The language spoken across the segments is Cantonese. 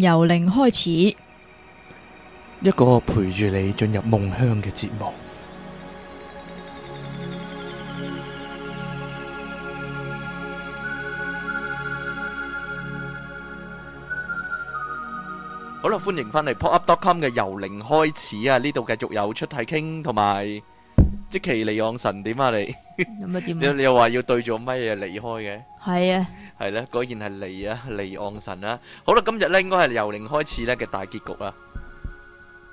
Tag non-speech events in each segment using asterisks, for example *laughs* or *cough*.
由零開始，一個陪住你進入夢鄉嘅節目。好啦，歡迎翻嚟 pop up dot com 嘅由零開始啊！呢度繼續有出題傾同埋即其離岸神點啊？你你又話要對住乜嘢離開嘅？係啊。係咧，果然係利啊，利昂神啊。好啦，今日咧應該係由零開始咧嘅大結局啊，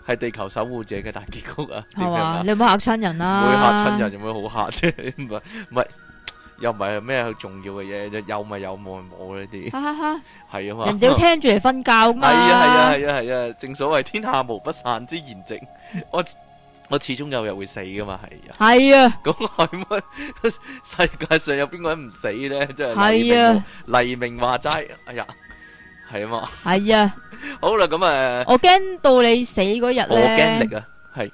係地球守護者嘅大結局啊。係嘛，你唔好嚇親人啊？會嚇親人，有會好吓啫。唔係唔係，又唔係咩重要嘅嘢啫，有咪有，冇咪冇呢啲。係啊嘛，人哋要聽住嚟瞓覺噶嘛。係啊係啊係啊係啊，正所謂天下無不散之筵席。我。 *music* *music* 我始終有日會死噶嘛，係啊，係啊，咁係乜？世界上有邊個人唔死咧？真係黎明，黎明話齋，哎呀，係啊嘛，係啊，好啦，咁誒，我驚到你死嗰日咧，我驚力啊，係，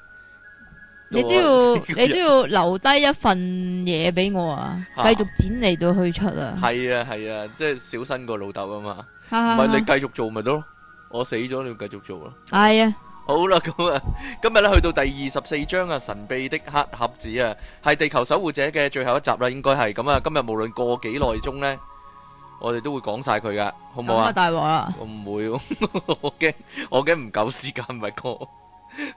你都要你都要留低一份嘢俾我啊，繼續剪嚟到去出啊，係啊係啊，即係小新個老豆啊嘛，唔係你繼續做咪得咯，我死咗你要繼續做咯，係啊。好啦，咁啊，今日咧去到第二十四章啊，神秘的黑盒子啊，係地球守護者嘅最後一集啦，應該係咁啊。今日無論過幾耐鐘呢，我哋都會講晒佢噶，好唔好啊？大鑊啊！我唔會，我驚，我驚唔夠時間咪過。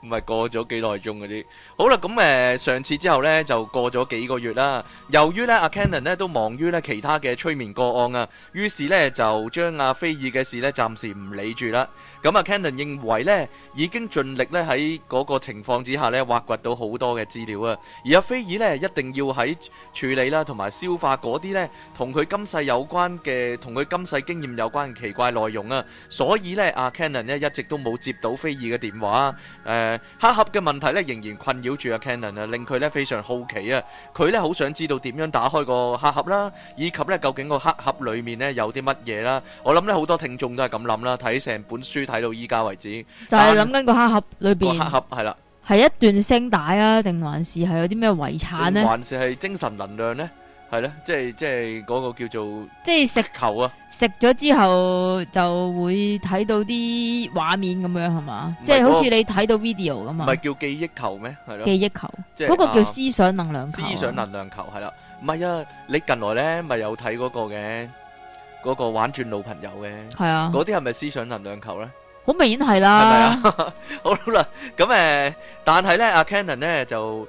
唔係 *laughs* 過咗幾耐鐘嗰啲，好啦，咁、嗯、誒上次之後呢，就過咗幾個月啦。由於呢阿 Cannon 呢都忙於呢其他嘅催眠個案啊，於是呢，就將阿菲爾嘅事呢暫時唔理住啦。咁、嗯、阿 Cannon 認為呢，已經盡力呢喺嗰個情況之下呢，挖掘到好多嘅資料啊。而阿菲爾呢，一定要喺處理啦同埋消化嗰啲呢，同佢今世有關嘅同佢今世經驗有關嘅奇怪內容啊。所以呢，阿 Cannon 呢一直都冇接到菲爾嘅電話。誒黑盒嘅問題咧，仍然困擾住阿 Cannon 啊，令佢咧非常好奇啊，佢咧好想知道點樣打開個黑盒啦，以及咧究竟個黑盒裏面咧有啲乜嘢啦？我諗咧好多聽眾都係咁諗啦，睇成本書睇到依家為止，就係諗緊個黑盒裏邊。個黑盒係啦，係一段聲帶啊，定還是係有啲咩遺產呢？還是係精神能量呢？係咯，即係即係嗰個叫做，即係食球啊！食咗之後就會睇到啲畫面咁樣，係嘛是？吧即係好似你睇到 video 噶嘛？唔係叫記憶球咩？係咯，記憶球，即係是嗰、啊、個叫思想能量球、啊。思想能量球係啦，唔係啊！你近來咧咪有睇嗰個嘅，嗰、那個玩轉老朋友嘅，係啊，嗰啲係咪思想能量球咧？好明顯係啦，係咪啊？ *laughs* 好啦，咁誒，但係咧，阿、啊、Cannon 咧就。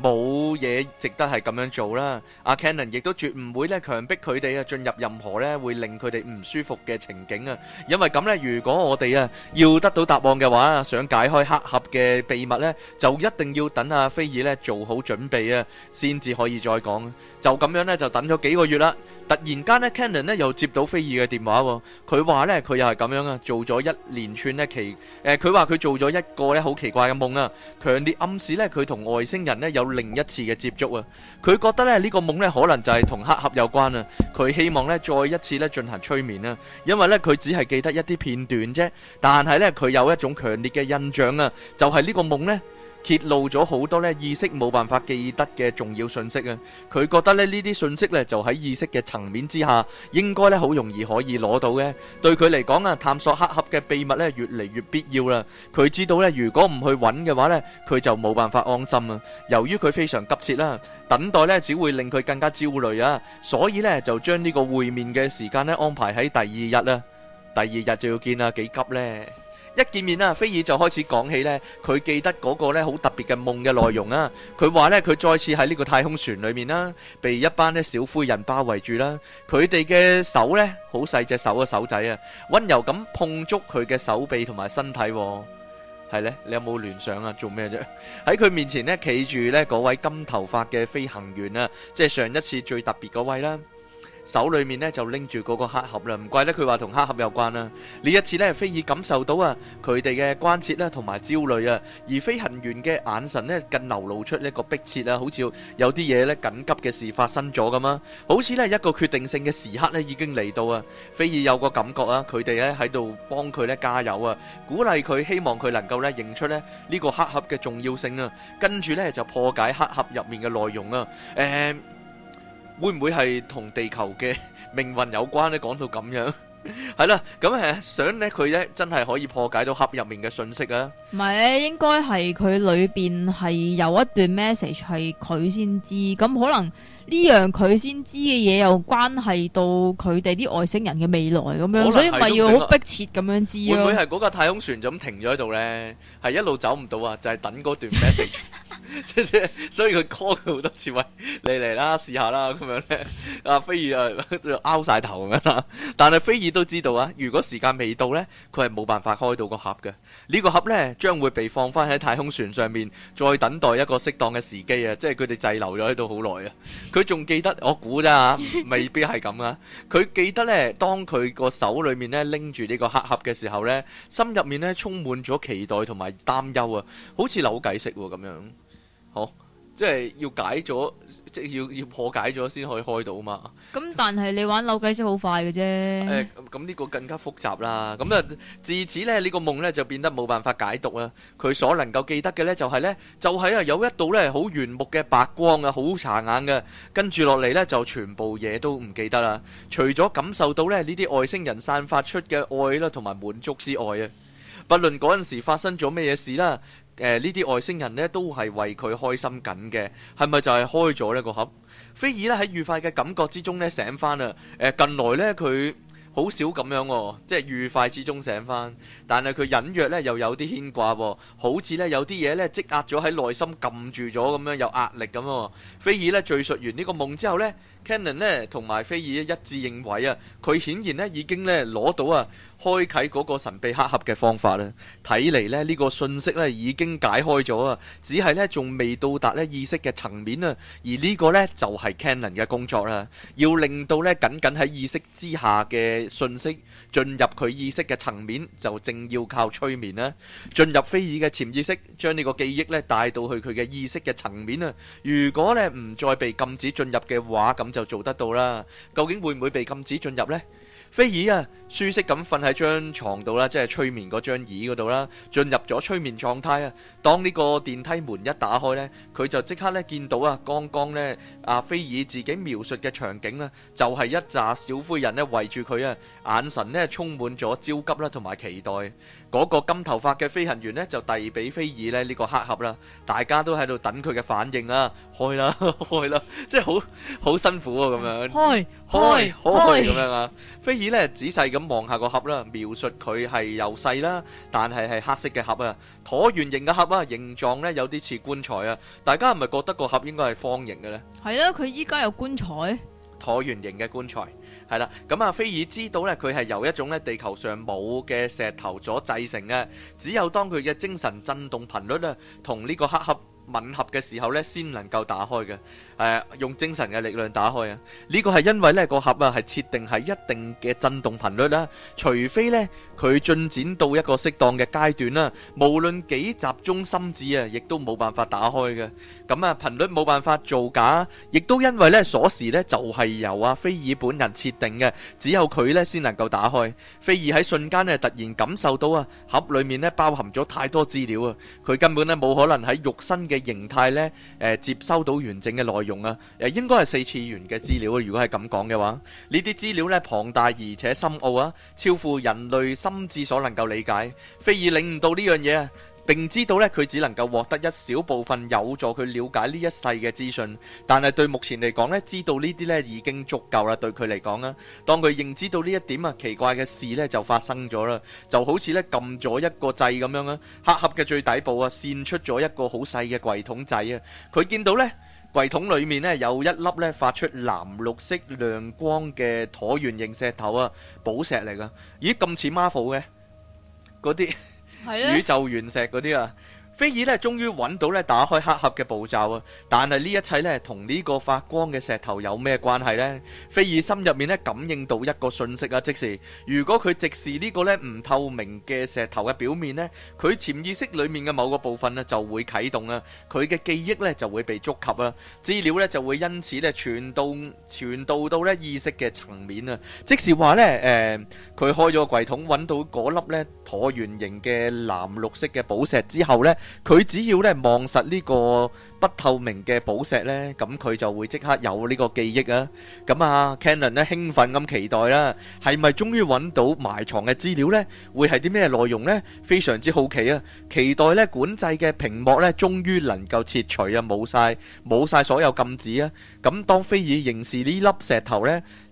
冇嘢值得係咁樣做啦，阿 Cannon 亦都絕唔會咧強迫佢哋啊進入任何咧會令佢哋唔舒服嘅情景啊，因為咁咧，如果我哋啊要得到答案嘅話，想解開黑盒嘅秘密咧，就一定要等阿飛爾咧做好準備啊，先至可以再講。就咁樣咧，就等咗幾個月啦。突然間咧，Cannon 咧又接到飛爾嘅電話喎，佢話咧佢又係咁樣啊，做咗一連串咧奇誒，佢話佢做咗一個咧好奇怪嘅夢啊，強烈暗示咧佢同外星人咧有。有另一次嘅接觸啊！佢覺得咧呢個夢咧可能就係同黑俠有關啦。佢希望咧再一次咧進行催眠啦，因為咧佢只係記得一啲片段啫。但係咧佢有一種強烈嘅印象啊，就係呢個夢咧。揭露咗好多呢意識冇辦法記得嘅重要信息啊！佢覺得呢呢啲信息呢就喺意識嘅層面之下，應該呢好容易可以攞到嘅。對佢嚟講啊，探索黑盒嘅秘密呢越嚟越必要啦。佢知道呢如果唔去揾嘅話呢，佢就冇辦法安心啊。由於佢非常急切啦，等待呢只會令佢更加焦慮啊，所以呢就將呢個會面嘅時間呢安排喺第二日啦。第二日就要見啊，幾急呢！一見面啊，菲爾就開始講起呢。佢記得嗰個呢好特別嘅夢嘅內容啊。佢話呢，佢再次喺呢個太空船裏面啦，被一班呢小灰人包圍住啦。佢哋嘅手呢，好細隻手嘅手仔啊，溫柔咁碰觸佢嘅手臂同埋身體。係呢，你有冇聯想啊？做咩啫？喺 *laughs* 佢面前呢，企住呢嗰位金頭髮嘅飛行員啊，即係上一次最特別嗰位啦。手裏面咧，就拎住嗰個黑盒啦，唔怪得佢話同黑盒有關啦。呢一次咧，菲爾感受到啊，佢哋嘅關切啦，同埋焦慮啊。而飛行員嘅眼神咧，更流露出一個迫切啊，好似有啲嘢咧，緊急嘅事發生咗咁啊，好似咧，一個決定性嘅時刻咧已經嚟到啊。菲爾有個感覺啊，佢哋咧喺度幫佢咧加油啊，鼓勵佢，希望佢能夠咧認出咧呢個黑盒嘅重要性啊。跟住咧就破解黑盒入面嘅內容啊，誒。會唔會係同地球嘅命運有關咧？講到咁樣， *laughs* 係、嗯、啦，咁誒想咧，佢咧真係可以破解到盒入面嘅信息啊！唔係，應該係佢裏邊係有一段 message 係佢先知，咁可能呢樣佢先知嘅嘢又關係到佢哋啲外星人嘅未來咁樣，所以咪要好迫切咁樣知咯、啊？會唔會係嗰架太空船就咁停咗喺度咧？係一路走唔到啊！就係、是、等嗰段 message。 *laughs* 即 *laughs* 所以佢 call 佢好多次，喂，你嚟啦，試下啦，咁樣咧。阿菲爾啊，就拗晒頭咁樣啦。但係菲爾都知道啊，如果時間未到呢，佢係冇辦法開到個盒嘅。呢、這個盒呢，將會被放翻喺太空船上面，再等待一個適當嘅時機啊！即係佢哋滯留咗喺度好耐啊。佢仲記得，我估咋、啊、 *laughs* 未必係咁啊。佢記得呢，當佢個手裏面咧拎住呢個黑盒嘅時候呢，心入面呢充滿咗期待同埋擔憂啊，好似扭計式咁樣。好、哦，即係要解咗，即係要要破解咗先可以開到嘛。咁但係你玩扭計先好快嘅啫。誒、欸，咁呢個更加複雜啦。咁、嗯、啊， *laughs* 自此咧呢、這個夢咧就變得冇辦法解讀啦。佢所能夠記得嘅咧就係咧，就係、是、啊、就是、有一道咧好圓木嘅白光啊，好茶眼嘅。跟住落嚟咧就全部嘢都唔記得啦。除咗感受到咧呢啲外星人散發出嘅愛啦，同埋滿足之外啊，不論嗰陣時發生咗咩嘢事啦。誒，呢啲外星人呢都係為佢開心緊嘅，係咪就係開咗呢個盒？菲爾呢喺愉快嘅感覺之中呢醒翻啦。誒、呃、近來呢，佢好少咁樣喎、哦，即係愉快之中醒翻，但係佢隱約呢又有啲牽掛喎、哦，好似呢有啲嘢呢積壓咗喺內心撳住咗咁樣，有壓力咁啊、哦。菲爾呢敍述完呢個夢之後呢 Cannon 呢同埋菲爾一致認為啊，佢顯然呢已經呢攞到啊。開啟嗰個神秘黑盒嘅方法咧，睇嚟咧呢個信息咧已經解開咗啊，只係咧仲未到達咧意識嘅層面啊。而呢個咧就係 Cannon 嘅工作啦，要令到咧僅僅喺意識之下嘅信息進入佢意識嘅層面，就正要靠催眠啦。進入菲爾嘅潛意識，將呢個記憶咧帶到去佢嘅意識嘅層面啊。如果咧唔再被禁止進入嘅話，咁就做得到啦。究竟會唔會被禁止進入咧？菲爾啊，舒適咁瞓喺張床度啦，即係催眠嗰張椅嗰度啦，進入咗催眠狀態啊。當呢個電梯門一打開呢，佢就即刻咧見到啊，剛剛呢，阿菲爾自己描述嘅場景啊，就係一紮小灰人咧圍住佢啊，眼神咧充滿咗焦急啦同埋期待。嗰個金頭髮嘅飛行員呢，就遞俾菲爾咧呢、呢個黑盒啦，大家都喺度等佢嘅反應、啊哎、啦，開、哎、啦，開啦，即係好好辛苦啊咁樣，開開開咁樣啊！哎、菲爾咧仔細咁望下個盒啦，描述佢係又細啦，但係係黑色嘅盒啊，橢圓形嘅盒啊，形狀呢有啲似棺材啊！大家係咪覺得個盒應該係方形嘅呢？係啊，佢依家有棺材，橢圓形嘅棺材。係啦，咁啊、嗯，菲爾知道咧，佢係由一種咧地球上冇嘅石頭所製成嘅，只有當佢嘅精神震動頻率咧，同呢個黑盒。吻合嘅時候咧，先能夠打開嘅。誒，用精神嘅力量打開啊！呢個係因為咧個盒啊係設定係一定嘅震動頻率啦，除非咧佢進展到一個適當嘅階段啦，無論幾集中心智啊，亦都冇辦法打開嘅。咁啊，頻率冇辦法造假，亦都因為咧鎖匙咧就係由阿菲爾本人設定嘅，只有佢咧先能夠打開。菲爾喺瞬間咧突然感受到啊，盒裡面咧包含咗太多資料啊，佢根本咧冇可能喺肉身。嘅形態咧，誒、呃、接收到完整嘅內容啊，誒，應該係四次元嘅資料啊，如果係咁講嘅話，呢啲資料咧龐大而且深奧啊，超乎人類心智所能夠理解，非爾領悟到呢樣嘢啊！並知道咧，佢只能夠獲得一小部分有助佢了解呢一世嘅資訊，但係對目前嚟講咧，知道呢啲咧已經足夠啦。對佢嚟講啊，當佢認知到呢一點啊，奇怪嘅事咧就發生咗啦，就好似咧撳咗一個掣咁樣啊，黑盒嘅最底部啊，現出咗一個好細嘅櫃桶仔啊，佢見到咧櫃桶裏面咧有一粒咧發出藍綠色亮光嘅橢圓形石頭啊，寶石嚟㗎，咦咁似 Marvel 嘅嗰啲。宇宙原石嗰啲啊！ *noise* 菲爾咧終於揾到咧打開黑盒嘅步驟啊！但係呢一切咧同呢個發光嘅石頭有咩關係呢？菲爾心入面咧感應到一個訊息啊！即係如果佢直視呢個咧唔透明嘅石頭嘅表面呢，佢潛意識裏面嘅某個部分咧就會啟動啊！佢嘅記憶咧就會被觸及啊！資料咧就會因此咧傳，傳到傳到到咧意識嘅層面啊！即係話咧誒，佢、呃、開咗個櫃桶揾到嗰粒咧橢圓形嘅藍綠色嘅寶石之後咧。佢只要咧望實呢個不透明嘅寶石咧，咁佢就會即刻有呢個記憶啊！咁啊，Canon 咧興奮咁期待啦，係咪終於揾到埋藏嘅資料咧？會係啲咩內容咧？非常之好奇啊！期待咧管制嘅屏幕咧，終於能夠撤除啊，冇曬冇曬所有禁止啊！咁當菲爾凝視呢粒石頭咧。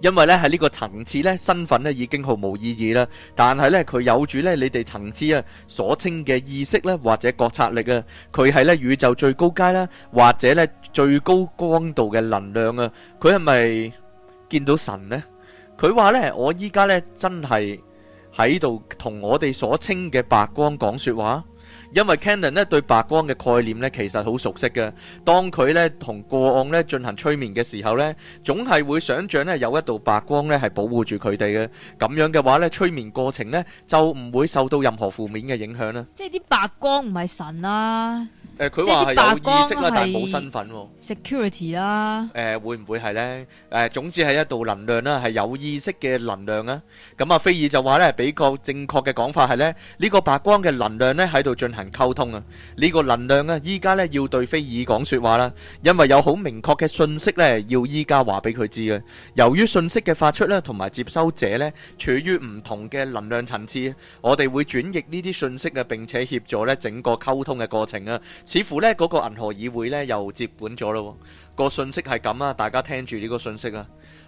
因為咧喺呢個層次咧身份咧已經毫無意義啦，但係咧佢有住咧你哋層次啊所稱嘅意識咧或者覺察力啊，佢係咧宇宙最高階啦，或者咧最高光度嘅能量啊，佢係咪見到神呢？佢話咧我依家咧真係喺度同我哋所稱嘅白光講說話。因為 Cannon 咧對白光嘅概念咧其實好熟悉嘅，當佢咧同個案咧進行催眠嘅時候咧，總係會想像咧有一道白光咧係保護住佢哋嘅。咁樣嘅話咧，催眠過程咧就唔會受到任何負面嘅影響啦。即係啲白光唔係神啊？誒，佢話係有意識啦，但係冇身份 Security 啦。誒，會唔會係咧？誒，總之係一道能量啦，係有意識嘅能量啊。咁啊，菲爾就話咧比較正確嘅講法係咧，呢個白光嘅能量咧喺度進行溝通啊，呢、這個能量啊，依家呢要對菲爾講說話啦，因為有好明確嘅信息呢要依家話俾佢知嘅。由於信息嘅發出呢，同埋接收者呢處於唔同嘅能量層次，我哋會轉譯呢啲信息啊，並且協助呢整個溝通嘅過程啊。似乎呢嗰個銀河議會呢又接管咗咯。個信息係咁啊！大家聽住呢個信息啊！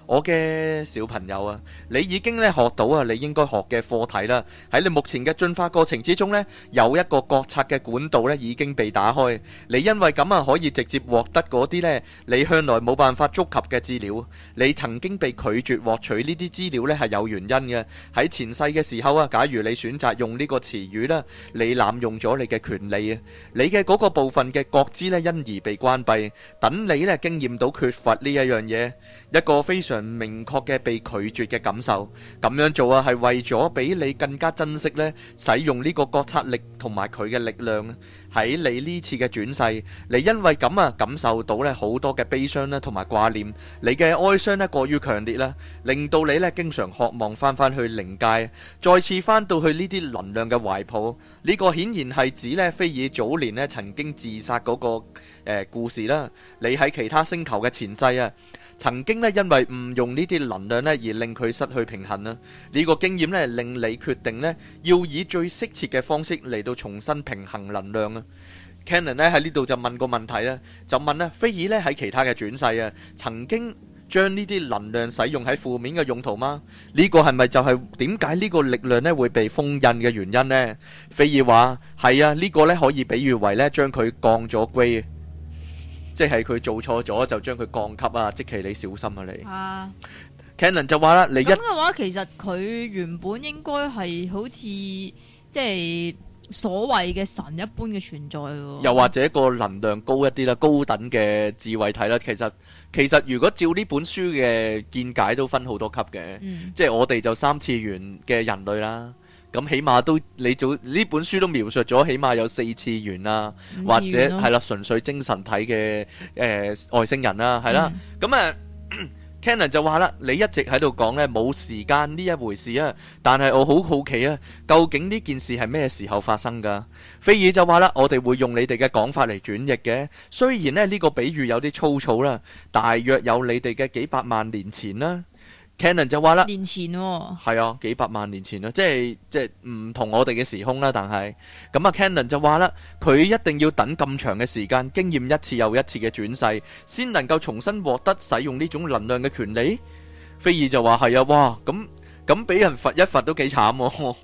我嘅小朋友啊，你已經咧學到啊，你應該學嘅課題啦。喺你目前嘅進化過程之中呢，有一個覺察嘅管道呢已經被打開。你因為咁啊，可以直接獲得嗰啲呢，你向來冇辦法觸及嘅資料。你曾經被拒絕獲取呢啲資料呢，係有原因嘅。喺前世嘅時候啊，假如你選擇用呢個詞語啦，你濫用咗你嘅權利啊，你嘅嗰個部分嘅覺知呢，因而被關閉。等你呢。經驗到缺乏呢一樣嘢，一個非常明確嘅被拒絕嘅感受。咁樣做啊，係為咗俾你更加珍惜呢使用呢個覺察力同埋佢嘅力量。喺你呢次嘅轉世，你因為咁啊感受到咧好多嘅悲傷啦，同埋掛念，你嘅哀傷咧過於強烈啦，令到你咧經常渴望翻翻去靈界，再次翻到去呢啲能量嘅懷抱。呢個顯然係指咧飛爾早年咧曾經自殺嗰個誒故事啦。你喺其他星球嘅前世啊。曾經咧，因為誤用呢啲能量咧，而令佢失去平衡啊！呢個經驗咧，令你決定咧，要以最適切嘅方式嚟到重新平衡能量啊！Cannon 咧喺呢度就問個問題啦，就問咧，菲爾咧喺其他嘅轉世啊，曾經將呢啲能量使用喺負面嘅用途嗎？呢個係咪就係點解呢個力量咧會被封印嘅原因咧？菲爾話：係啊，呢個咧可以比喻為咧，將佢降咗 grade。即係佢做錯咗，就將佢降級啊！即係你小心啊！你啊，Canon 就話啦，你一咁嘅話，其實佢原本應該係好似即係所謂嘅神一般嘅存在喎，又或者個能量高一啲啦，高等嘅智慧體啦。其實其實如果照呢本書嘅見解，都分好多級嘅，嗯、即係我哋就三次元嘅人類啦。咁起碼都你做呢本書都描述咗，起碼有四次元啊，五次元啊或者係啦，純、啊、粹精神體嘅誒、呃、外星人啦、啊，係啦、啊。咁啊、嗯嗯、Cannon 就話啦，你一直喺度講呢冇時間呢一回事啊，但係我好好奇啊，究竟呢件事係咩時候發生㗎？菲爾就話啦，我哋會用你哋嘅講法嚟轉譯嘅，雖然咧呢、這個比喻有啲粗糙啦，大約有你哋嘅幾百萬年前啦。Canon 就話啦，年前喎、哦，係啊，幾百萬年前咯，即係即係唔同我哋嘅時空啦。但係咁啊，Canon 就話啦，佢一定要等咁長嘅時間，經驗一次又一次嘅轉世，先能夠重新獲得使用呢種能量嘅權利。菲爾就話，係啊，哇，咁咁俾人罰一罰都幾慘喎、哦。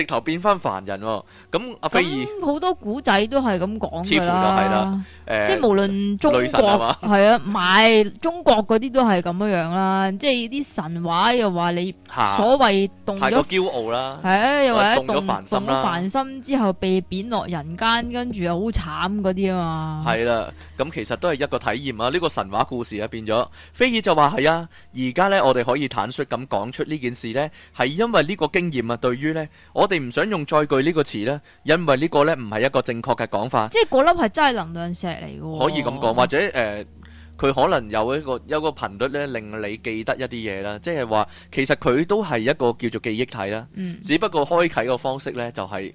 直頭變翻凡人，咁阿菲爾好多古仔都係咁講噶啦，似乎就係啦，誒，欸、即係無論中國係、呃、啊，唔係中國嗰啲都係咁樣樣啦，即係啲神話又話你所謂動咗驕傲啦，係啊，又或者動咗凡、啊、心啦，動咗凡心之後被貶落人間，跟住啊好慘嗰啲啊嘛，係啦、 *laughs* 啊，咁其實都係一個體驗啊，呢、這個神話故事啊變咗，菲爾就話係啊，而家呢，我哋可以坦率咁講出呢件事呢，係因為呢個經驗啊，對於呢。我。我哋唔想用載具呢個詞咧，因為呢個呢唔係一個正確嘅講法。即係嗰粒係真係能量石嚟嘅喎。可以咁講，或者誒，佢、呃、可能有一個有一個頻率呢令你記得一啲嘢啦。即係話其實佢都係一個叫做記憶體啦，嗯、只不過開啟個方式呢就係、是。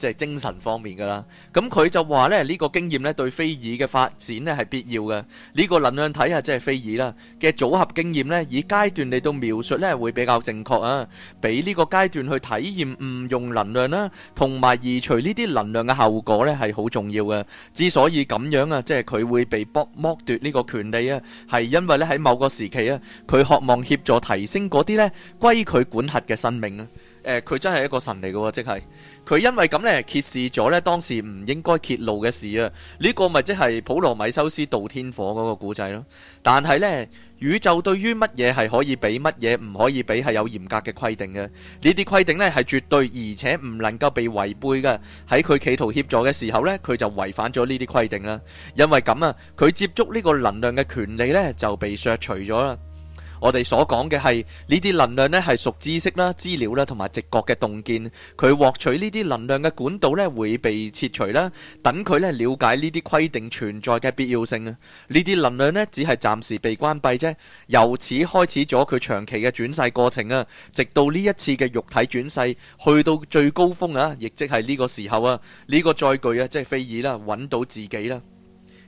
即係精神方面噶啦，咁佢就話咧，呢個經驗咧對飛爾嘅發展咧係必要嘅。呢個能量體啊，即係飛爾啦嘅組合經驗咧，以階段嚟到描述咧會比較正確啊。俾呢個階段去體驗誤用能量啦，同埋移除呢啲能量嘅後果咧係好重要嘅。之所以咁樣啊，即係佢會被剝剝奪呢個權利啊，係因為咧喺某個時期啊，佢渴望協助提升嗰啲咧歸佢管轄嘅生命啊。誒，佢、呃、真係一個神嚟嘅，即係佢因為咁咧，揭示咗咧當時唔應該揭露嘅事啊！呢、這個咪即係普羅米修斯盜天火嗰個古仔咯。但係呢，宇宙對於乜嘢係可以俾乜嘢唔可以俾係有嚴格嘅規定嘅。呢啲規定呢係絕對而且唔能夠被違背嘅。喺佢企圖協助嘅時候呢，佢就違反咗呢啲規定啦。因為咁啊，佢接觸呢個能量嘅權利呢，就被削除咗啦。我哋所講嘅係呢啲能量咧，係屬知識啦、資料啦，同埋直覺嘅洞見。佢獲取呢啲能量嘅管道咧，會被切除啦。等佢咧了解呢啲規定存在嘅必要性啊。呢啲能量咧，只係暫時被關閉啫。由此開始咗佢長期嘅轉世過程啊，直到呢一次嘅肉體轉世去到最高峰啊，亦即係呢個時候啊，呢個載具啊，即係飛爾啦，揾到自己啦。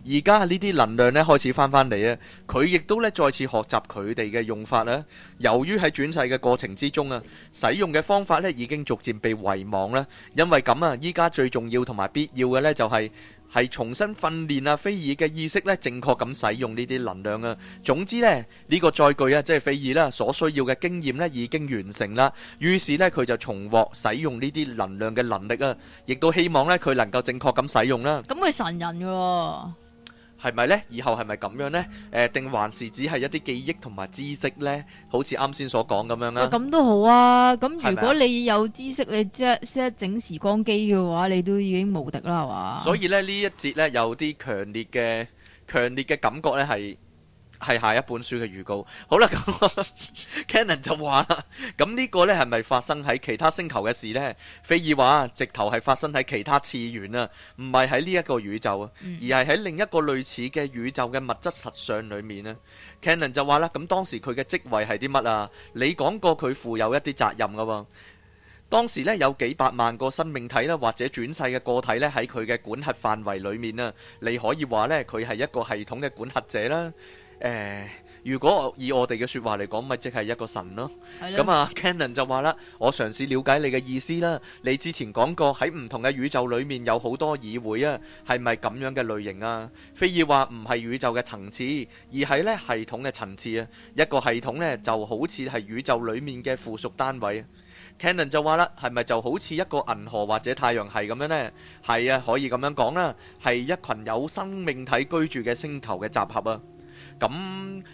而家呢啲能量呢開始翻翻嚟啊！佢亦都呢再次學習佢哋嘅用法啦。由於喺轉世嘅過程之中啊，使用嘅方法呢已經逐漸被遺忘啦。因為咁啊，依家最重要同埋必要嘅呢、就是，就係係重新訓練啊，菲爾嘅意識呢正確咁使用呢啲能量啊。總之呢，呢、這個載具啊，即係菲爾啦，所需要嘅經驗呢已經完成啦。於是呢，佢就重獲使用呢啲能量嘅能力啊，亦都希望呢，佢能夠正確咁使用啦。咁佢神人嘅喎。係咪呢？以後係咪咁樣呢？誒、呃，定還是只係一啲記憶同埋知識呢？好似啱先所講咁樣啦、啊。咁都好啊！咁如果你有知識，吧你即係識得整時光機嘅話，你都已經無敵啦，係嘛？所以咧，呢一節呢，有啲強烈嘅、強烈嘅感覺呢，係。係下一本書嘅預告，好啦。咁、嗯、 *laughs* Cannon 就話啦，咁呢個呢係咪發生喺其他星球嘅事呢？非爾話直頭係發生喺其他次元啊，唔係喺呢一個宇宙啊，嗯、而係喺另一個類似嘅宇宙嘅物質實相裏面啊。Cannon 就話啦，咁當時佢嘅職位係啲乜啊？你講過佢負有一啲責任噶、啊，當時呢，有幾百萬個生命體啦，或者轉世嘅個體呢，喺佢嘅管轄範圍裏面啊，你可以話呢，佢係一個系統嘅管轄者啦。誒，如果以我哋嘅説話嚟講，咪即係一個神咯。咁啊 Cannon 就話啦：，我嘗試了解你嘅意思啦。你之前講過喺唔同嘅宇宙裏面有好多議會啊，係咪咁樣嘅類型啊？菲爾話唔係宇宙嘅層次，而係呢系統嘅層次啊。一個系統呢，就好似係宇宙裏面嘅附屬單位。Cannon 就話啦：，係咪就好似一個銀河或者太陽系咁樣呢？係啊，可以咁樣講啦，係一群有生命體居住嘅星球嘅集合啊。咁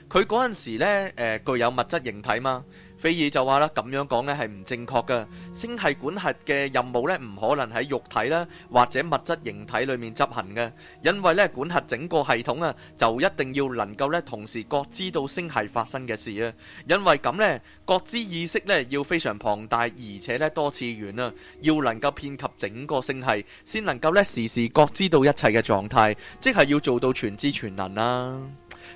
佢嗰陣時咧、呃，具有物質形體嘛？菲爾就話啦，咁樣講呢係唔正確嘅。星系管轄嘅任務呢，唔可能喺肉體啦或者物質形體裏面執行嘅，因為呢，管轄整個系統啊，就一定要能夠呢同時覺知到星系發生嘅事啊。因為咁呢，覺知意識呢要非常龐大，而且呢多次元啊，要能夠遍及整個星系，先能夠呢時時覺知到一切嘅狀態，即係要做到全知全能啦。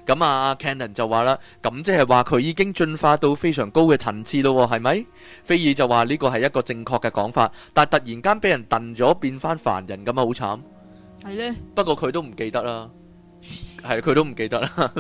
咁啊 Canon 就話啦，咁即係話佢已經進化到非常高嘅層次咯，係咪？菲爾就話呢個係一個正確嘅講法，但係突然間俾人燉咗變翻凡人咁啊，好慘！係呢的？不過佢都唔記得啦，係佢 *laughs* 都唔記得啦。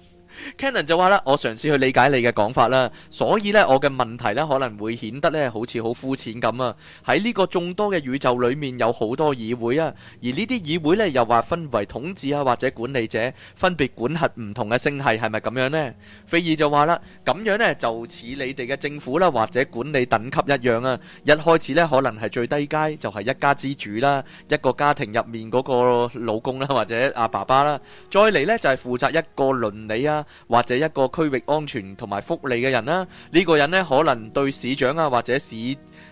*laughs* *laughs* Canon 就話啦，我嘗試去理解你嘅講法啦，所以呢，我嘅問題呢可能會顯得呢好似好膚淺咁啊。喺呢個眾多嘅宇宙裏面有好多議會啊，而呢啲議會呢，又話分為統治啊或者管理者，分別管轄唔同嘅星系，係咪咁樣呢？菲爾就話啦，咁樣呢，就似你哋嘅政府啦、啊、或者管理等級一樣啊。一開始呢，可能係最低階就係、是、一家之主啦、啊，一個家庭入面嗰個老公啦、啊、或者阿爸爸啦、啊，再嚟呢，就係、是、負責一個倫理啊。或者一個區域安全同埋福利嘅人啦，呢個人呢，可能對市長啊或者市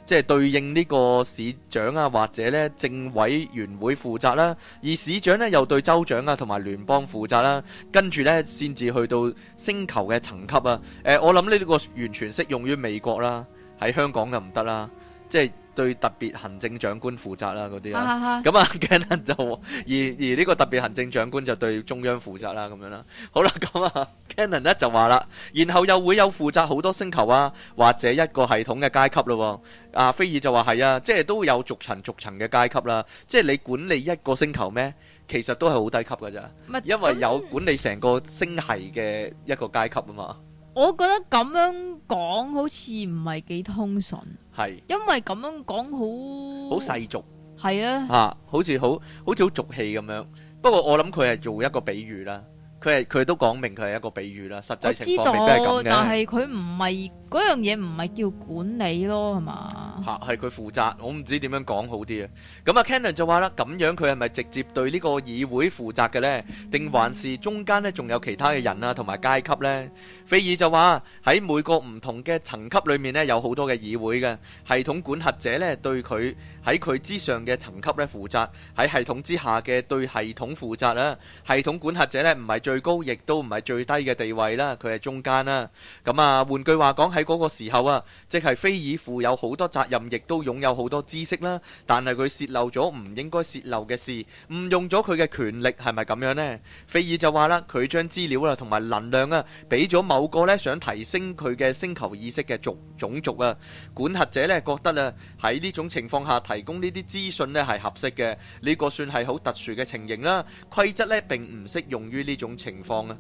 即係對應呢個市長啊或者呢政委員會負責啦，而市長呢，又對州長啊同埋聯邦負責啦，跟住呢，先至去到星球嘅層級啊，誒，我諗呢個完全適用於美國啦，喺香港就唔得啦，即係。對特別行政長官負責啦、啊，嗰啲啦，咁啊，Cannon 就而而呢個特別行政長官就對中央負責啦、啊，咁樣啦、啊。好啦、啊，咁啊，Cannon 呢就話啦，然後又會有負責好多星球啊，或者一個系統嘅階級咯、啊。阿、啊、菲爾就話係啊，即係都有逐層逐層嘅階級啦。即係你管理一個星球咩？其實都係好低級㗎咋，因為有管理成個星系嘅一個階級啊嘛、嗯。我覺得咁樣講好似唔係幾通順。係，是因為咁樣講好好世俗，係啊，吓好似好好似好俗氣咁樣。不過我諗佢係做一個比喻啦，佢係佢都講明佢係一個比喻啦。實際情況都係咁嘅，但係佢唔係嗰樣嘢，唔係叫管理咯，係嘛？嚇，係佢、啊、負責，我唔知點樣講好啲啊！咁、嗯、啊 Cannon 就話啦，咁樣佢係咪直接對呢個議會負責嘅呢？定還是中間咧仲有其他嘅人啊，同埋階級呢？」菲爾就話喺每個唔同嘅層級裡面呢，有好多嘅議會嘅系統管轄者呢對佢，喺佢之上嘅層級咧負責，喺系統之下嘅對系統負責啦。系統管轄者呢唔係最高，亦都唔係最低嘅地位啦，佢係中間啦。咁啊，換句話講，喺嗰個時候啊，即係菲爾負有好多責任，亦都擁有好多知識啦。但係佢洩漏咗唔應該洩漏嘅事，誤用咗佢嘅權力，係咪咁樣呢？菲爾就話啦，佢將資料啊同埋能量啊俾咗某個呢想提升佢嘅星球意識嘅族種族啊。管轄者呢覺得啊，喺呢種情況下，提供呢啲資訊呢係合適嘅，呢個算係好特殊嘅情形啦。規則呢並唔適用於呢種情況啊。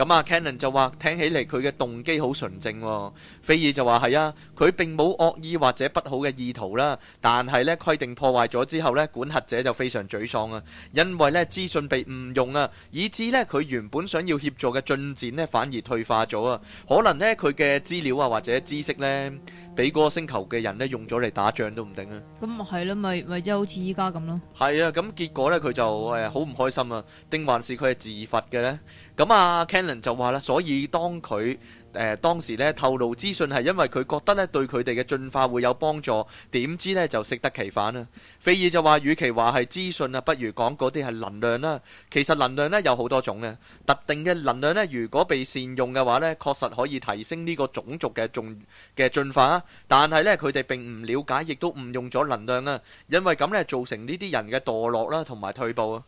咁啊 Cannon 就話，聽起嚟佢嘅動機好純正，哦。菲爾就話：係啊，佢並冇惡意或者不好嘅意圖啦。但係呢，規定破壞咗之後呢，管轄者就非常沮喪啊，因為呢資訊被誤用啊，以致呢，佢原本想要協助嘅進展呢反而退化咗啊。可能呢，佢嘅資料啊或者知識呢，俾嗰個星球嘅人呢用咗嚟打仗都唔定啊。咁啊係咯，咪咪即係好似依家咁咯。係、嗯、啊，咁、嗯嗯、結果呢，佢就誒好唔開心啊。定還是佢係自罰嘅呢？咁、嗯、啊 Cannon 就話咧，所以當佢誒當時咧透露資訊係因為佢覺得咧對佢哋嘅進化會有幫助，點知咧就適得其反啦。菲爾就話，與其話係資訊啊，不如講嗰啲係能量啦。其實能量咧有好多種嘅，特定嘅能量咧如果被善用嘅話咧，確實可以提升呢個種族嘅進嘅進化。但係咧佢哋並唔了解，亦都誤用咗能量啊，因為咁咧造成呢啲人嘅墮落啦，同埋退步啊。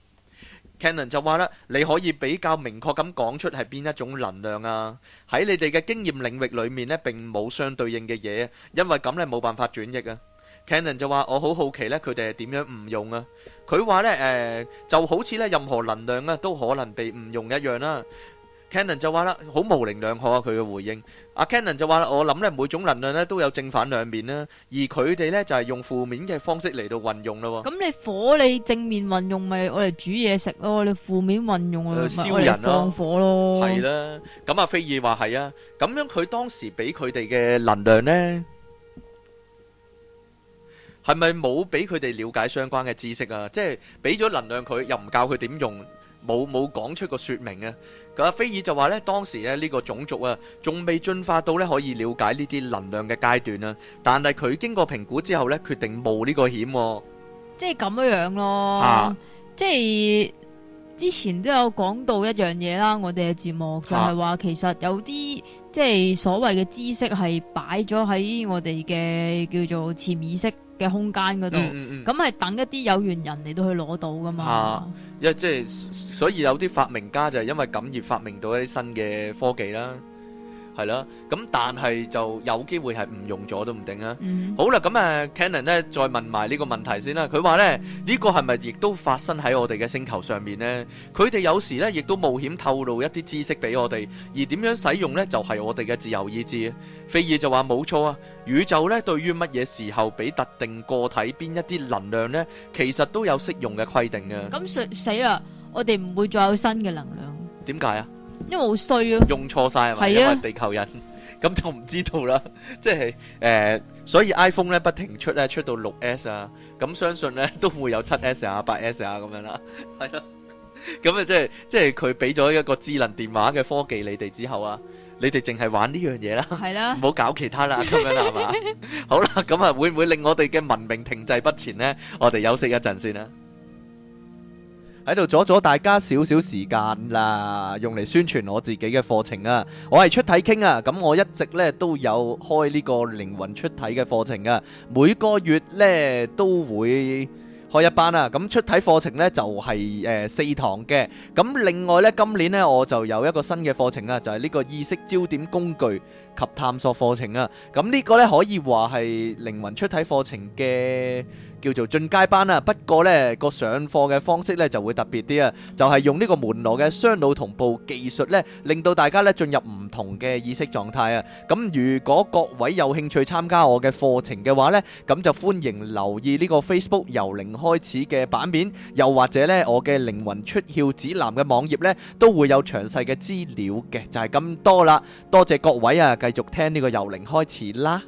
Cannon 就話啦，你可以比較明確咁講出係邊一種能量啊？喺你哋嘅經驗領域裏面咧，並冇相對應嘅嘢，因為咁咧冇辦法轉譯啊。Cannon 就話：我好好奇咧，佢哋係點樣誤用啊？佢話咧誒，就好似咧任何能量啊，都可能被誤用一樣啦。Canon 就話啦，好模棱兩可啊！佢嘅回應，阿 Canon 就話啦，我諗咧每種能量咧都有正反兩面啦，而佢哋咧就係用負面嘅方式嚟到運用咯。咁你火，你正面運用咪我嚟煮嘢食咯，你負面運用我嚟燒人咯，放火咯。係啦，咁，阿飛爾話係啊，咁樣佢當時俾佢哋嘅能量呢，係咪冇俾佢哋了解相關嘅知識啊？即係俾咗能量佢，又唔教佢點用，冇冇講出個説明啊？阿菲爾就話咧，當時咧呢個種族啊，仲未進化到咧可以了解呢啲能量嘅階段啦。但係佢經過評估之後咧，決定冒呢個險，哦，即係咁樣樣咯。啊，即係之前都有講到一樣嘢啦，我哋嘅節目就係話，其實有啲即係所謂嘅知識係擺咗喺我哋嘅叫做潛意識。嘅空間嗰度，咁係、嗯嗯嗯、等一啲有緣人嚟到去攞到噶嘛？啊，即係、就是、所以有啲發明家就係因為咁而發明到一啲新嘅科技啦。係啦，咁但係就有機會係唔用咗都唔定啊。好啦，咁啊，Canon 咧，再問埋呢個問題先啦。佢話咧呢個係咪亦都發生喺我哋嘅星球上面咧？佢哋有時咧亦都冒險透露一啲知識俾我哋，而點樣使用咧就係我哋嘅自由意志。菲爾就話冇錯啊，宇宙咧對於乜嘢時候俾特定個體邊一啲能量咧，其實都有適用嘅規定嘅。咁衰死啦，我哋唔會再有新嘅能量。點解啊？因為好衰啊！用錯晒係咪？啊、因為地球人咁 *laughs* 就唔知道啦，即係誒、呃，所以 iPhone 咧不停出咧，出到六 S 啊，咁相信咧都會有七 S 啊、八 S 啊咁樣啦、啊，係咯、啊，咁啊即係即係佢俾咗一個智能電話嘅科技你哋之後啊，你哋淨係玩呢樣嘢啦，係啦、啊，唔好搞其他啦，咁樣係嘛？ *laughs* 好啦，咁啊會唔會令我哋嘅文明停滯不前咧？我哋休息一陣先啊。喺度阻咗大家少少時間啦，用嚟宣傳我自己嘅課程啊！我係出體傾啊，咁我一直咧都有開呢個靈魂出體嘅課程啊，每個月咧都會開一班啊，咁出體課程呢就係、是、誒、呃、四堂嘅，咁另外呢，今年呢我就有一個新嘅課程啊，就係、是、呢個意識焦點工具及探索課程啊。咁呢個呢可以話係靈魂出體課程嘅。叫做進階班啊，不過呢個上課嘅方式呢就會特別啲啊，就係用呢個門羅嘅雙腦同步技術呢，令到大家呢進入唔同嘅意識狀態啊。咁如果各位有興趣參加我嘅課程嘅話呢，咁就歡迎留意呢個 Facebook 由零開始嘅版面，又或者呢我嘅靈魂出竅指南嘅網頁呢都會有詳細嘅資料嘅，就係咁多啦。多謝各位啊，繼續聽呢個由零開始啦。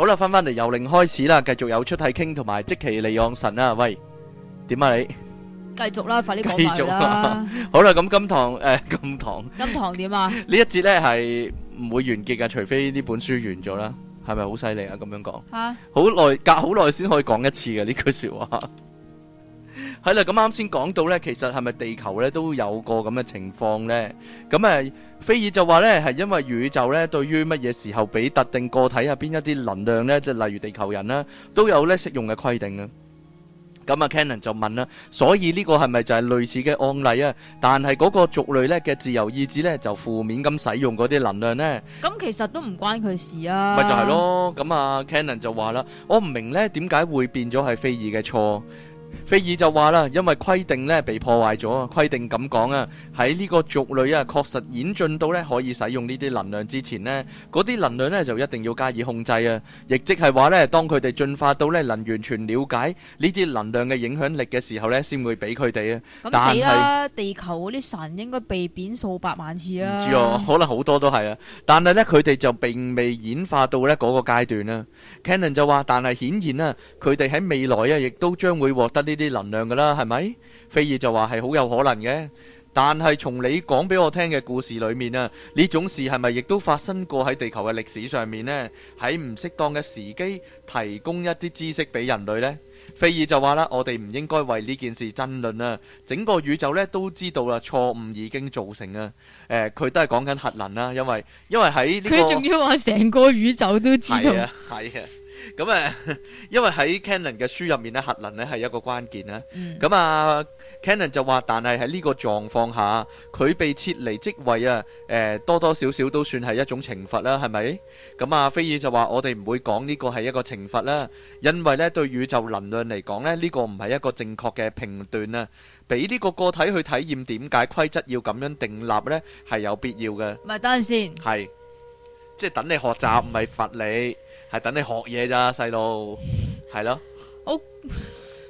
好啦，翻翻嚟由零開始啦，繼續有出體傾同埋即其離岸神啦，喂，點啊你？繼續啦，快啲講埋啦。好啦，咁金堂誒，金堂，金堂點啊？呢一節呢係唔會完結噶，除非呢本書完咗啦，係咪好犀利啊？咁樣講吓，好耐隔好耐先可以講一次嘅呢句說話。係啦，咁啱先講到呢，其實係咪地球咧都有個咁嘅情況呢？咁誒，菲爾就話呢，係因為宇宙咧對於乜嘢時候俾特定個體入邊一啲能量呢，即係例如地球人呢，都有呢適用嘅規定嘅。咁啊，Cannon 就問啦，所以呢個係咪就係類似嘅案例啊？但係嗰個族類咧嘅自由意志呢，就負面咁使用嗰啲能量呢？咁其實都唔關佢事啊。咪 *music* 就係咯，咁啊，Cannon 就話啦，我唔明呢點解會變咗係菲爾嘅錯。菲爾就話啦，因為規定咧被破壞咗啊！規定咁講啊，喺呢個族類啊確實演進到咧可以使用呢啲能量之前咧，嗰啲能量咧就一定要加以控制啊！亦即係話咧，當佢哋進化到咧能完全了解呢啲能量嘅影響力嘅時候咧，先會俾佢哋啊！咁這樣 是死啦！地球嗰啲神應該被貶數百萬次啊！唔知啊 *laughs* 可能好多都係啊，但係咧佢哋就並未演化到咧嗰，那個階段啦，啊。Cannon 就話，但係顯然啊，佢哋喺未來啊亦都將會獲得。呢啲能量噶啦，係咪？菲爾就話係好有可能嘅，但係從你講俾我聽嘅故事裏面啊，呢種事係咪亦都發生過喺地球嘅歷史上面呢？喺唔適當嘅時機提供一啲知識俾人類呢？菲爾就話啦，我哋唔應該為呢件事爭論啦，整個宇宙呢都知道啦，錯誤已經造成啊。誒，佢都係講緊核能啦，因為因為喺呢個佢仲要話成個宇宙都知道係啊。咁啊，因為喺 Cannon 嘅書入面咧，核能咧係一個關鍵啦。咁啊，嗯，Cannon 就話，但係喺呢個狀況下，佢被撤離職位啊，誒，呃，多多少少都算係一種懲罰啦，係咪？咁啊，菲爾就話，我哋唔會講呢個係一個懲罰啦，因為呢對宇宙能量嚟講咧，呢個唔係一個正確嘅評斷啊。俾呢個個體去體驗點解規則要咁樣定立呢，係有必要嘅。咪等先等，係，即係等你學習，唔係罰你。係等你學嘢咋細路，係咯。好、 *laughs* *laughs* 嗯，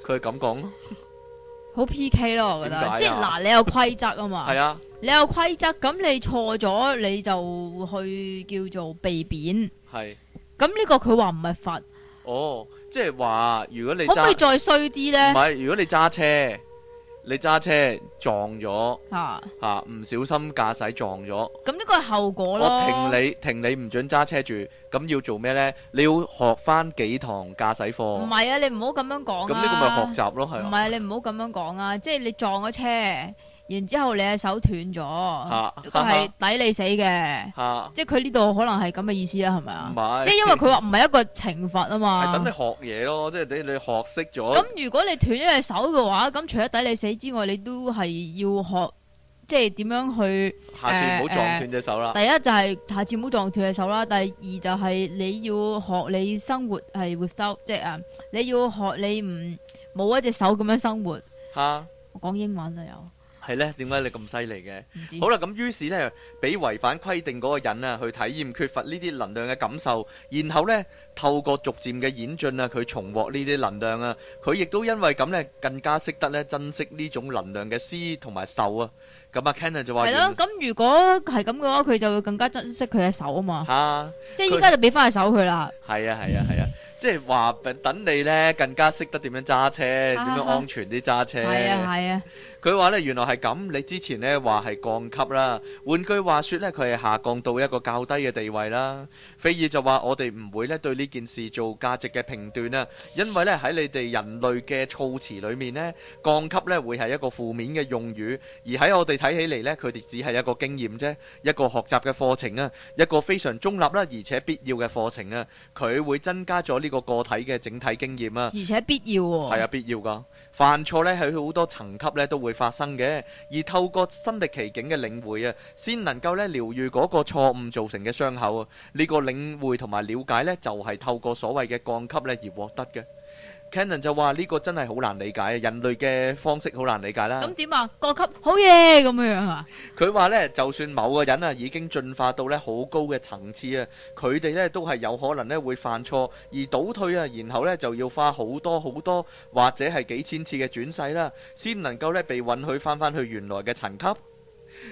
佢係咁講。 *laughs* 好 P K 咯，我覺得，即係嗱，你有規則啊嘛。係 *laughs* 啊。你有規則，咁你錯咗你就去叫做被貶。係是。咁呢個佢話唔係罰。哦，即係話如果你可唔可以再衰啲咧？唔係レ呢，如果你揸車。 *laughs* 你揸車撞咗吓吓，唔、啊啊、小心駕駛撞咗，咁呢個係後果咯。我停你停你唔准揸車住，咁要做咩呢？你要學翻幾堂駕駛課。唔係啊，你唔好咁樣講啊。咁呢個咪學習咯，係啊。唔係啊，你唔好咁樣講啊，即係你撞咗車。然之後你隻手斷咗，係抵你死嘅，啊、即係佢呢度可能係咁嘅意思啦，係咪啊？唔係不，即係因為佢話唔係一個懲罰啊嘛。等你學嘢咯，即係你你學識咗。咁如果你斷咗隻手嘅話，咁除咗抵你死之外，你都係要學，即係點樣去？下次唔好撞斷隻手啦、呃。第一就係下次唔好撞斷隻手啦。第二就係你要學你生活係 without 即係啊，你要學你唔冇一隻手咁樣生活。嚇、啊！我講英文啊又。有係咧，點解你咁犀利嘅？知好啦，咁於是咧，俾違反規定嗰個人啊，去體驗缺乏呢啲能量嘅感受，然後咧，透過逐漸嘅演進啊，佢重獲呢啲能量啊，佢亦都因為咁咧，更加識得咧珍惜呢種能量嘅失同埋受啊。咁阿 Cannon 就話：，係咯，咁如果係咁嘅話，佢就會更加珍惜佢嘅手啊嘛。啊，即係依家就俾翻隻手佢啦。係啊，係啊，係啊，即係話等你咧更加識得點樣揸車，點樣安全啲揸車。係啊，係啊。佢話咧，原來係咁。你之前咧話係降級啦，換句話說呢，佢係下降到一個較低嘅地位啦。菲爾就話：我哋唔會咧對呢件事做價值嘅評斷啊，因為咧喺你哋人類嘅措辭裏面呢，降級咧會係一個負面嘅用語。而喺我哋睇起嚟呢，佢哋只係一個經驗啫，一個學習嘅課程啊，一個非常中立啦、啊，而且必要嘅課程啊。佢會增加咗呢個個體嘅整體經驗啊，而且必要喎、哦，係啊，必要噶。犯錯咧係好多層級咧都會發生嘅，而透過身歷其境嘅領會啊，先能夠咧療愈嗰個錯誤造成嘅傷口啊。呢、這個領會同埋了解咧，就係、是、透過所謂嘅降級咧而獲得嘅。Canon 就話呢個真係好難理解，人類嘅方式好難理解啦。咁點啊？過級好嘢咁樣樣啊？佢話呢，就算某個人啊已經進化到呢好高嘅層次啊，佢哋呢都係有可能呢會犯錯而倒退啊，然後呢就要花好多好多或者係幾千次嘅轉世啦，先能夠呢被允許返返去原來嘅層級。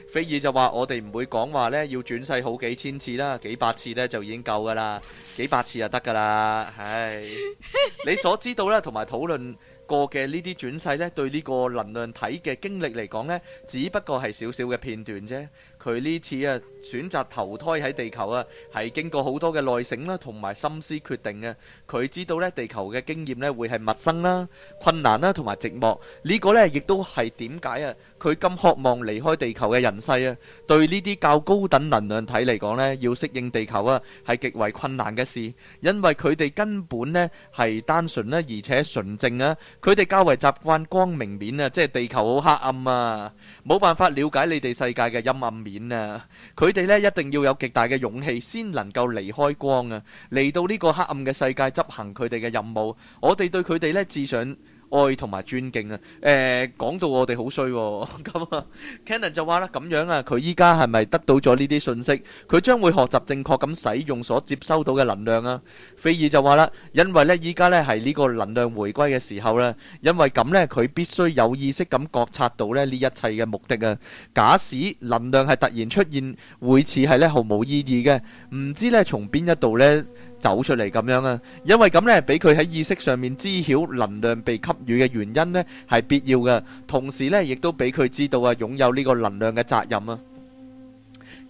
菲爾就話：我哋唔會講話咧，要轉世好幾千次啦，幾百次呢就已經夠噶啦，幾百次就得噶啦。唉， *laughs* 你所知道呢，同埋討論過嘅呢啲轉世呢，對呢個能量體嘅經歷嚟講呢，只不過係少少嘅片段啫。佢呢次啊，選擇投胎喺地球啊，係經過好多嘅耐性啦，同埋心思決定嘅。佢知道咧，地球嘅經驗咧會係陌生啦、困難啦，同埋寂寞。呢個咧亦都係點解啊，佢咁渴望離開地球嘅人世啊。對呢啲較高等能量體嚟講咧，要適應地球啊，係極為困難嘅事，因為佢哋根本咧係單純啦，而且純正啊。佢哋較為習慣光明面啊，即係地球好黑暗啊，冇辦法了解你哋世界嘅陰暗面。演啊！佢哋咧一定要有極大嘅勇氣先能夠離開光啊，嚟到呢個黑暗嘅世界執行佢哋嘅任務。我哋對佢哋咧，至上，愛同埋尊敬啊！誒講到我哋好衰喎，咁啊，Cannon 就話啦，咁樣啊，佢依家係咪得到咗呢啲信息？佢將會學習正確咁使用所接收到嘅能量啊！菲爾就話啦，因為呢依家呢係呢個能量回歸嘅時候咧，因為咁呢佢必須有意識咁覺察到咧呢一切嘅目的啊！假使能量係突然出現，會似係呢毫無意義嘅，唔知呢從邊一度呢。走出嚟咁樣啊，因為咁咧，俾佢喺意識上面知曉能量被給予嘅原因咧，係必要嘅。同時咧，亦都俾佢知道啊，擁有呢個能量嘅責任啊。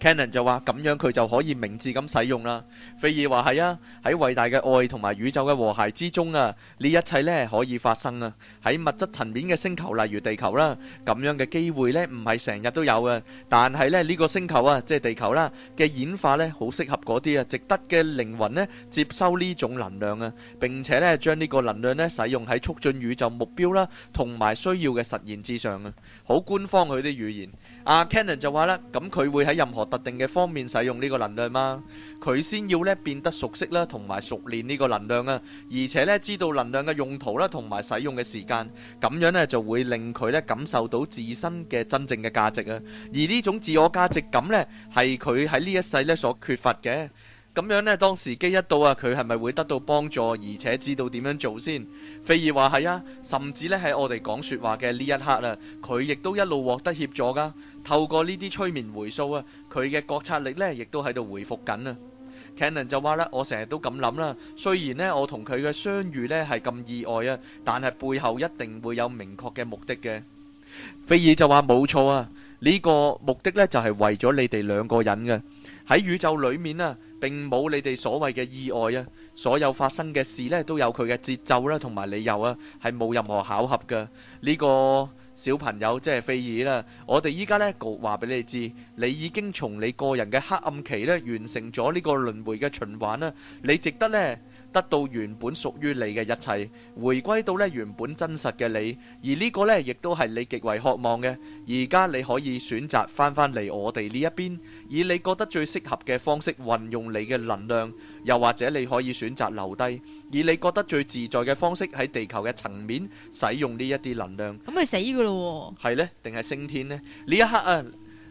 Canon 就話：咁樣佢就可以明智咁使用啦。菲爾話：係啊，喺偉大嘅愛同埋宇宙嘅和諧之中啊，呢一切咧可以發生啊。喺物質層面嘅星球，例如地球啦，咁樣嘅機會咧唔係成日都有啊。但係咧呢個星球啊，即係地球啦嘅演化咧，好適合嗰啲啊值得嘅靈魂咧接收呢種能量啊。並且咧將呢個能量咧使用喺促進宇宙目標啦同埋需要嘅實現之上啊。好官方佢啲語言。阿 Canon 就話咧：咁佢會喺任何特定嘅方面使用呢個能量嘛，佢先要咧變得熟悉啦，同埋熟練呢個能量啊，而且咧知道能量嘅用途啦，同埋使用嘅時間，咁樣咧就會令佢咧感受到自身嘅真正嘅價值啊，而呢種自我價值感咧係佢喺呢一世咧所缺乏嘅。咁樣呢，當時機一到啊，佢係咪會得到幫助，而且知道點樣做先？菲爾話係啊，甚至呢，喺我哋講說話嘅呢一刻啊，佢亦都一路獲得協助噶。透過呢啲催眠回溯啊，佢嘅覺察力呢，亦都喺度回復緊啊。Cannon 就話啦，我成日都咁諗啦，雖然呢，我同佢嘅相遇呢係咁意外啊，但係背後一定會有明確嘅目的嘅。菲爾就話冇錯啊，呢個目的呢，就係為咗你哋兩個人嘅喺宇宙裏面啊。並冇你哋所謂嘅意外啊！所有發生嘅事咧，都有佢嘅節奏啦，同埋理由啊，係冇任何巧合嘅。呢個小朋友即係菲爾啦，我哋依家呢，講話俾你知，你已經從你個人嘅黑暗期咧，完成咗呢個輪回嘅循環啦，你值得呢，得到原本屬於你嘅一切，回歸到呢原本真實嘅你，而呢個呢亦都係你極為渴望嘅。而家你可以選擇翻翻嚟我哋呢一邊，以你覺得最適合嘅方式運用你嘅能量，又或者你可以選擇留低，以你覺得最自在嘅方式喺地球嘅層面使用呢一啲能量。咁咪死噶咯？喎，係呢，定係升天呢？呢一刻啊，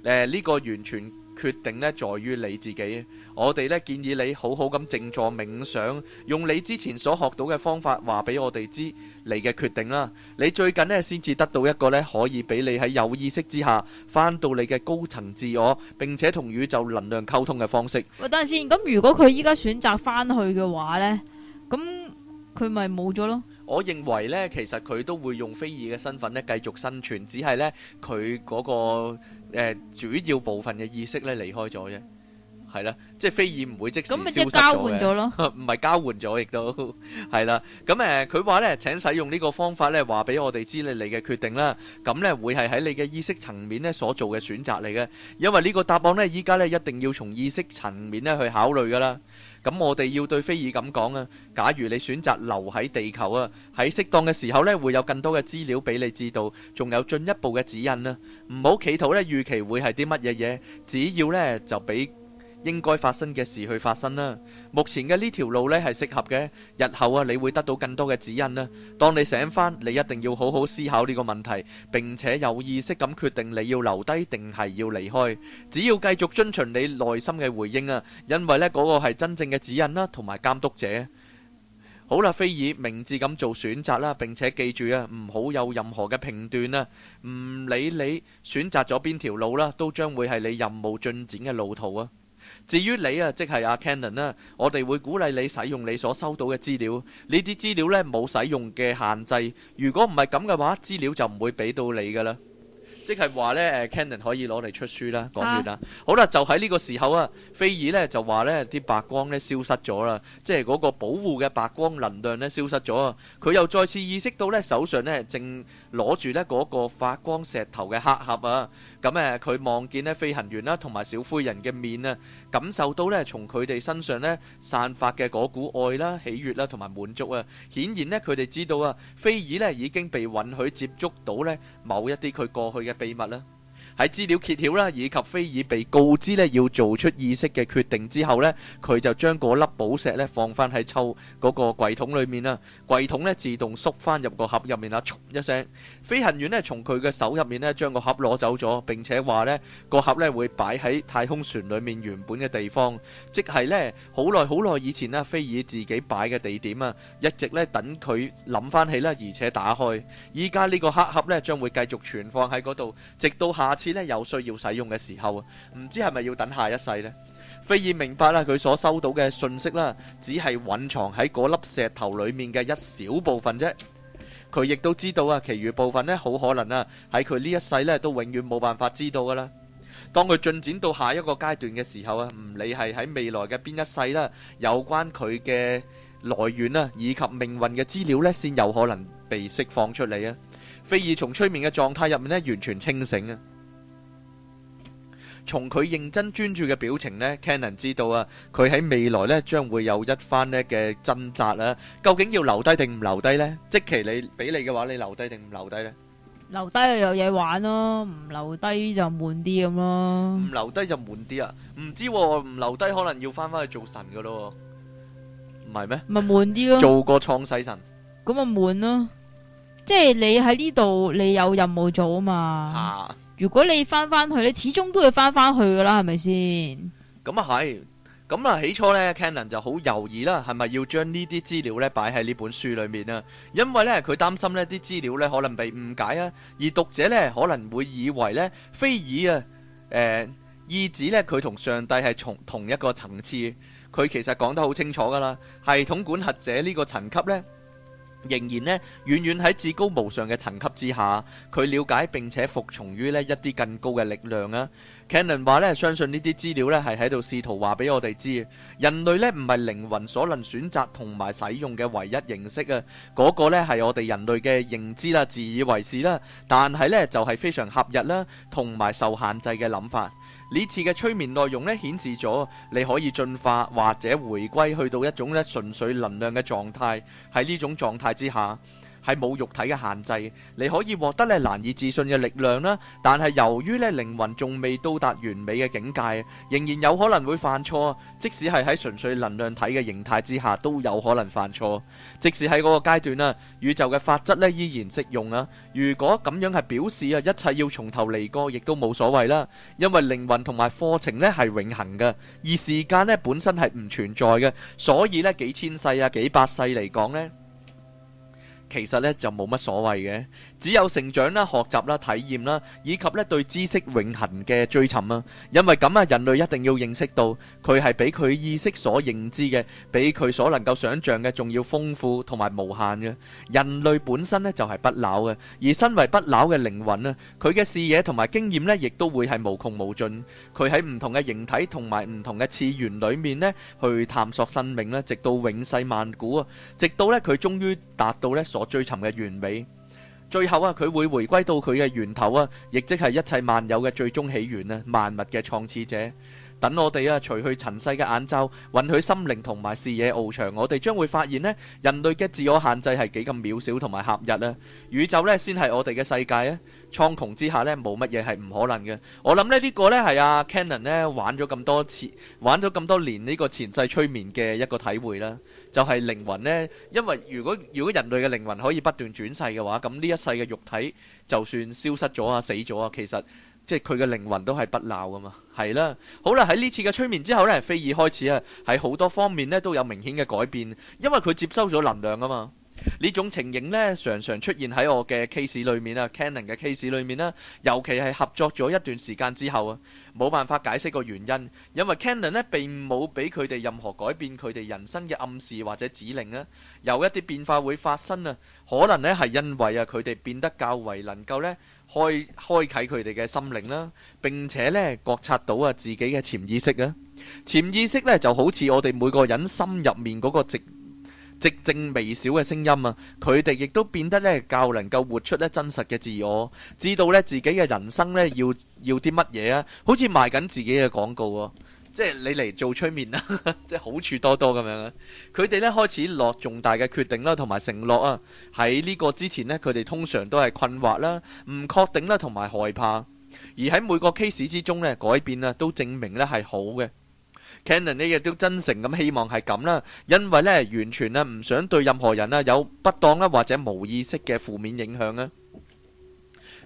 誒呢個完全。決定呢，在於你自己。我哋呢，建議你好好咁靜坐冥想，用你之前所學到嘅方法，話俾我哋知你嘅決定啦。你最近呢，先至得到一個呢，可以俾你喺有意識之下翻到你嘅高層自我，並且同宇宙能量溝通嘅方式。喂，等陣先。咁如果佢依家選擇翻去嘅話呢，咁佢咪冇咗咯？我認為呢，其實佢都會用非爾嘅身份呢繼續生存，只係呢，佢嗰個。誒、呃、主要部分嘅意識咧離開咗啫。係啦，即係菲爾唔會即時消失，即係交換咗咯？唔係 *laughs* 交換咗， *laughs* 亦都係啦。咁、嗯、誒，佢、嗯、話呢，請使用呢個方法呢，話俾我哋知你你嘅決定啦。咁呢，會係喺你嘅意識層面呢，所做嘅選擇嚟嘅，因為呢個答案呢，依家呢一定要從意識層面呢去考慮噶啦。咁、嗯、我哋要對菲爾咁講啊，假如你選擇留喺地球啊，喺適當嘅時候呢，會有更多嘅資料俾你知道，仲有進一步嘅指引啊。唔好企圖呢預期會係啲乜嘢嘢，只要呢就俾。應該發生嘅事去發生啦。目前嘅呢條路呢係適合嘅，日後啊你會得到更多嘅指引啦。當你醒返，你一定要好好思考呢個問題，並且有意識咁決定你要留低定係要離開。只要繼續遵循你內心嘅回應啊，因為呢嗰個係真正嘅指引啦，同埋監督者。好啦，菲爾，明智咁做選擇啦，並且記住啊，唔好有任何嘅評斷啊。唔理你選擇咗邊條路啦，都將會係你任務進展嘅路途啊。至於你啊，即係阿 Canon 啊，我哋會鼓勵你使用你所收到嘅資料。呢啲資料咧，冇使用嘅限制。如果唔係咁嘅話，資料就唔會俾到你㗎啦。即係話呢誒 Canon 可以攞嚟出書啦，講完啦。Yeah. 好啦，就喺呢個時候啊，菲爾呢就話呢啲白光呢消失咗啦，即係嗰個保護嘅白光能量呢消失咗啊。佢又再次意識到呢手上呢正攞住呢嗰個發光石頭嘅黑盒啊。咁誒，佢望見呢飛行員啦，同埋小灰人嘅面啊，感受到呢從佢哋身上呢散發嘅嗰股愛啦、喜悅啦同埋滿足啊。顯然呢，佢哋知道啊，菲爾呢已經被允許接觸到呢某一啲佢過去嘅秘密啦～喺資料揭曉啦，以及菲爾被告知呢要做出意識嘅決定之後呢，佢就將嗰粒寶石呢放翻喺抽嗰個櫃桶裏面啦。櫃桶呢自動縮翻入個盒入面啦，一聲，飛行員呢從佢嘅手入面呢將個盒攞走咗，並且話呢個盒呢會擺喺太空船裏面原本嘅地方，即係呢好耐好耐以前呢，菲爾自己擺嘅地點啊，一直呢等佢諗翻起啦，而且打開。依家呢個黑盒呢將會繼續存放喺嗰度，直到下次。呢有需要使用嘅時候啊，唔知係咪要等下一世呢？菲爾明白啦，佢所收到嘅信息啦，只係蘊藏喺嗰粒石頭裏面嘅一小部分啫。佢亦都知道啊，其餘部分呢，好可能啊，喺佢呢一世呢都永遠冇辦法知道噶啦。當佢進展到下一個階段嘅時候啊，唔理係喺未來嘅邊一世啦，有關佢嘅來源啊以及命運嘅資料呢，先有可能被釋放出嚟啊。菲爾從催眠嘅狀態入面呢，完全清醒啊。從佢認真專注嘅表情咧，Canon 知道啊，佢喺未來咧將會有一番咧嘅掙扎啦。究竟要留低定唔留低咧？即期你俾你嘅話，你留低定唔留低咧？留低就有嘢玩咯，唔留低就悶啲咁咯。唔留低就悶啲啊？唔知喎，唔留低可能要翻返去做神噶咯，唔係咩？咪悶啲咯。做個創世神，咁啊悶咯。即係你喺呢度，你有任務做啊嘛。吓？如果你翻翻去，你始終都要翻翻去噶啦，係咪先？咁啊係，咁啊、嗯、起初呢 Cannon 就好猶豫啦，係咪要將呢啲資料呢擺喺呢本書裏面啊？因為呢，佢擔心呢啲資料呢可能被誤解啊，而讀者呢可能會以為呢菲爾啊，誒、呃，意指呢佢同上帝係從同，同一個層次，佢其實講得好清楚噶啦，系統管轄者呢個層級呢。仍然咧，遠遠喺至高無上嘅層級之下，佢瞭解並且服從於咧一啲更高嘅力量啊。Cannon 話咧，相信呢啲資料咧係喺度試圖話俾我哋知，人類咧唔係靈魂所能選擇同埋使用嘅唯一形式啊。嗰個咧係我哋人類嘅認知啦，自以為是啦，但係咧就係非常狹隘啦，同埋受限制嘅諗法。呢次嘅催眠內容咧，顯示咗你可以進化或者回歸去到一種咧純粹能量嘅狀態。喺呢種狀態之下，係冇肉體嘅限制，你可以獲得咧難以置信嘅力量啦。但係由於咧靈魂仲未到達完美嘅境界，仍然有可能會犯錯。即使係喺純粹能量體嘅形態之下，都有可能犯錯。即使喺嗰個階段啊，宇宙嘅法則咧依然適用啊。如果咁樣係表示啊，一切要從頭嚟過，亦都冇所謂啦。因為靈魂同埋課程咧係永恆嘅，而時間咧本身係唔存在嘅，所以咧幾千世啊，幾百世嚟講咧。其實咧，就冇乜所謂嘅。只有成長啦、學習啦、體驗啦，以及咧對知識永恆嘅追尋啊。因為咁啊，人類一定要認識到，佢係比佢意識所認知嘅，比佢所能夠想像嘅仲要豐富同埋無限嘅。人類本身呢，就係不朽嘅。而身為不朽嘅靈魂啊，佢嘅視野同埋經驗呢，亦都會係無窮無盡。佢喺唔同嘅形體同埋唔同嘅次元裡面呢，去探索生命咧，直到永世萬古啊，直到呢佢終於達到呢所追尋嘅完美。最後啊，佢會回歸到佢嘅源頭啊，亦即係一切萬有嘅最終起源啊，萬物嘅創始者。等我哋啊，除去塵世嘅眼罩，允許心靈同埋視野翱翔，我哋將會發現咧，人類嘅自我限制係幾咁渺小同埋狹隘啊！宇宙咧，先係我哋嘅世界啊！蒼穹之下咧，冇乜嘢係唔可能嘅。我諗咧，這個啊、呢個咧係阿 Canon 咧玩咗咁多次，玩咗咁多年呢個前世催眠嘅一個體會啦，就係、是、靈魂咧。因為如果如果人類嘅靈魂可以不斷轉世嘅話，咁呢一世嘅肉體就算消失咗啊，死咗啊，其實。即係佢嘅靈魂都係不鬧啊嘛，係啦。好啦，喺呢次嘅催眠之後咧，菲爾開始啊喺好多方面咧都有明顯嘅改變，因為佢接收咗能量啊嘛。呢種情形咧，常常出現喺我嘅 case 裏面啊，Cannon 嘅 case 裏面啦，尤其係合作咗一段時間之後啊，冇辦法解釋個原因，因為 Cannon 咧並冇俾佢哋任何改變佢哋人生嘅暗示或者指令啊。有一啲變化會發生啊，可能咧係因為啊佢哋變得較為能夠咧。開開啟佢哋嘅心靈啦，並且呢，覺察到啊自己嘅潛意識啊，潛意識呢，就好似我哋每個人心入面嗰個寂寂靜微小嘅聲音啊，佢哋亦都變得呢較能夠活出呢真實嘅自我，知道呢自己嘅人生呢，要要啲乜嘢啊，好似賣緊自己嘅廣告。啊。即係你嚟做催眠啦， *laughs* 即係好處多多咁樣啊。佢哋呢開始落重大嘅決定啦，同埋承諾啊。喺呢個之前呢，佢哋通常都係困惑啦，唔確定啦，同埋害怕。而喺每個 case 之中呢，改變啊都證明呢係好嘅。Canon 呢亦都真誠咁希望係咁啦，因為呢完全呢唔想對任何人啊有不當啦，或者無意識嘅負面影響啊。.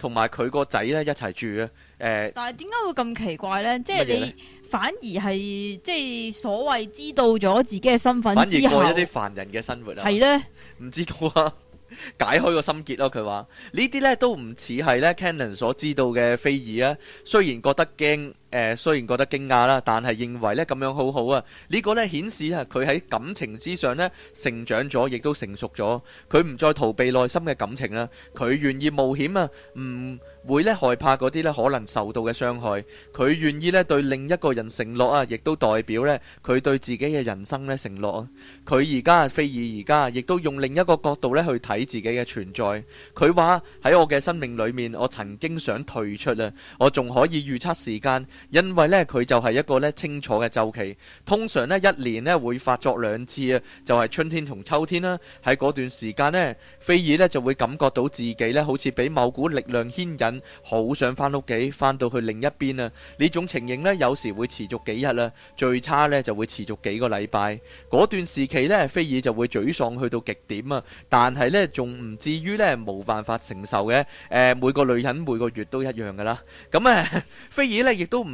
同埋佢個仔咧一齊住咧，誒、欸。但係點解會咁奇怪咧？即係你反而係即係所謂知道咗自己嘅身份之後，反而過一啲凡人嘅生活啊。係咧呢，唔知道啊，解開個心結咯。佢話呢啲咧都唔似係咧 Cannon 所知道嘅非爾啊。雖然覺得驚。誒、呃，雖然覺得驚訝啦，但係認為呢，咁樣好好啊！呢、這個呢，顯示啊，佢喺感情之上呢，成長咗，亦都成熟咗。佢唔再逃避內心嘅感情啦，佢願意冒險啊，唔會呢害怕嗰啲呢可能受到嘅傷害。佢願意呢對另一個人承諾啊，亦都代表呢佢對自己嘅人生呢承諾啊。佢而家啊，菲爾而家亦都用另一個角度呢去睇自己嘅存在。佢話喺我嘅生命裏面，我曾經想退出啊，我仲可以預測時間。因為呢，佢就係一個呢清楚嘅週期，通常呢，一年呢會發作兩次啊，就係春天同秋天啦。喺嗰段時間呢，菲爾呢就會感覺到自己呢好似俾某股力量牽引，好想翻屋企，翻到去另一邊啊！呢種情形呢，有時會持續幾日啦，最差呢就會持續幾個禮拜。嗰段時期呢，菲爾就會沮喪去到極點啊！但係呢，仲唔至於呢，冇辦法承受嘅。誒，每個女人每個月都一樣噶啦。咁啊，菲爾呢亦都唔。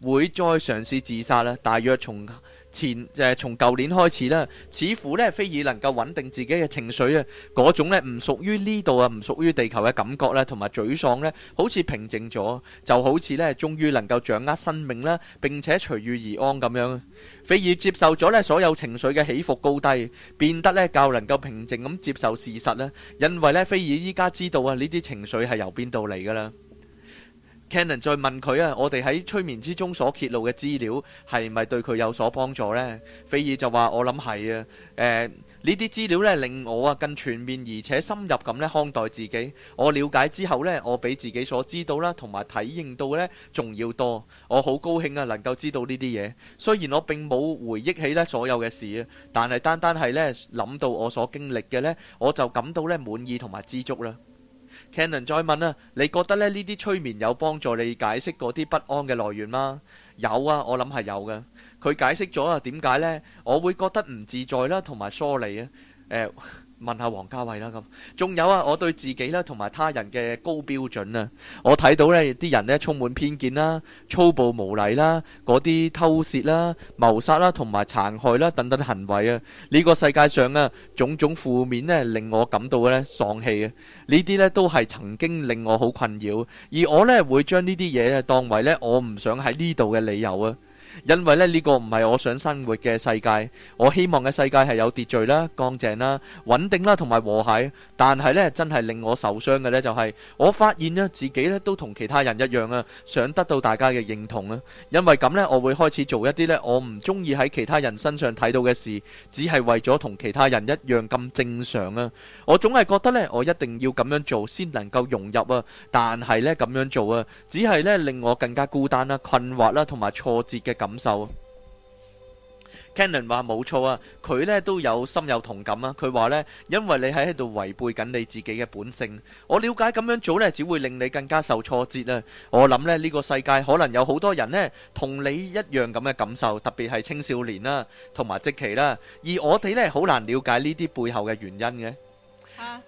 唔會再嘗試自殺啦。大約從前誒，從、呃、舊年開始啦，似乎咧菲爾能夠穩定自己嘅情緒啊，嗰種咧唔屬於呢度啊，唔屬於地球嘅感覺啦，同埋沮喪咧，好似平靜咗，就好似咧終於能夠掌握生命啦，並且隨遇而安咁樣。菲爾接受咗咧所有情緒嘅起伏高低，變得咧較能夠平靜咁接受事實啦。因為呢，菲爾依家知道啊，呢啲情緒係由邊度嚟噶啦。Canon 再問佢，我哋喺催眠之中所揭露嘅資料，係咪對佢有所幫助呢？菲爾就話我諗係，呃，呢啲資料呢，令我更全面，而且深入咁呢，看待自己。我了解之後呢，我俾自己所知道啦，同埋體驗到呢，仲要多。我好高興呀，能夠知道呢啲嘢。雖然我並冇回憶起呢，所有嘅事，但係單單係呢，諗到我所經歷嘅呢，我就感到呢，滿意同埋知足啦。Canon 再問啊，你覺得呢呢啲催眠有幫助你解釋嗰啲不安嘅來源嗎？有啊，我諗係有嘅。佢解釋咗啊，點解呢？「我會覺得唔自在啦，同埋疏離啊，呃問下王家衛啦咁，仲有啊，我對自己啦同埋他人嘅高標準啊，我睇到呢啲人呢，充滿偏見啦、粗暴無禮啦、嗰啲偷竊啦、謀殺啦同埋殘害啦等等行為啊，呢個世界上啊，種種負面呢，令我感到呢喪氣啊，呢啲呢都係曾經令我好困擾，而我呢會將呢啲嘢呢當為呢，我唔想喺呢度嘅理由啊。因為咧呢個唔係我想生活嘅世界，我希望嘅世界係有秩序啦、乾淨啦、穩定啦同埋和諧。但係呢真係令我受傷嘅呢就係，我發現呢自己呢都同其他人一樣啊，想得到大家嘅認同啊。因為咁呢，我會開始做一啲呢我唔中意喺其他人身上睇到嘅事，只係為咗同其他人一樣咁正常啊。我總係覺得呢，我一定要咁樣做先能夠融入啊。但係呢咁樣做啊，只係呢令我更加孤單啦、困惑啦同埋挫折嘅。感受 Cannon 話冇錯啊，佢呢都有心有同感啊。佢話呢，因為你喺喺度違背緊你自己嘅本性，我了解咁樣做呢，只會令你更加受挫折啊。我諗呢，呢、這個世界可能有好多人呢，同你一樣咁嘅感受，特別係青少年啦、啊，同埋積奇啦，而我哋呢，好難了解呢啲背後嘅原因嘅。哈、啊，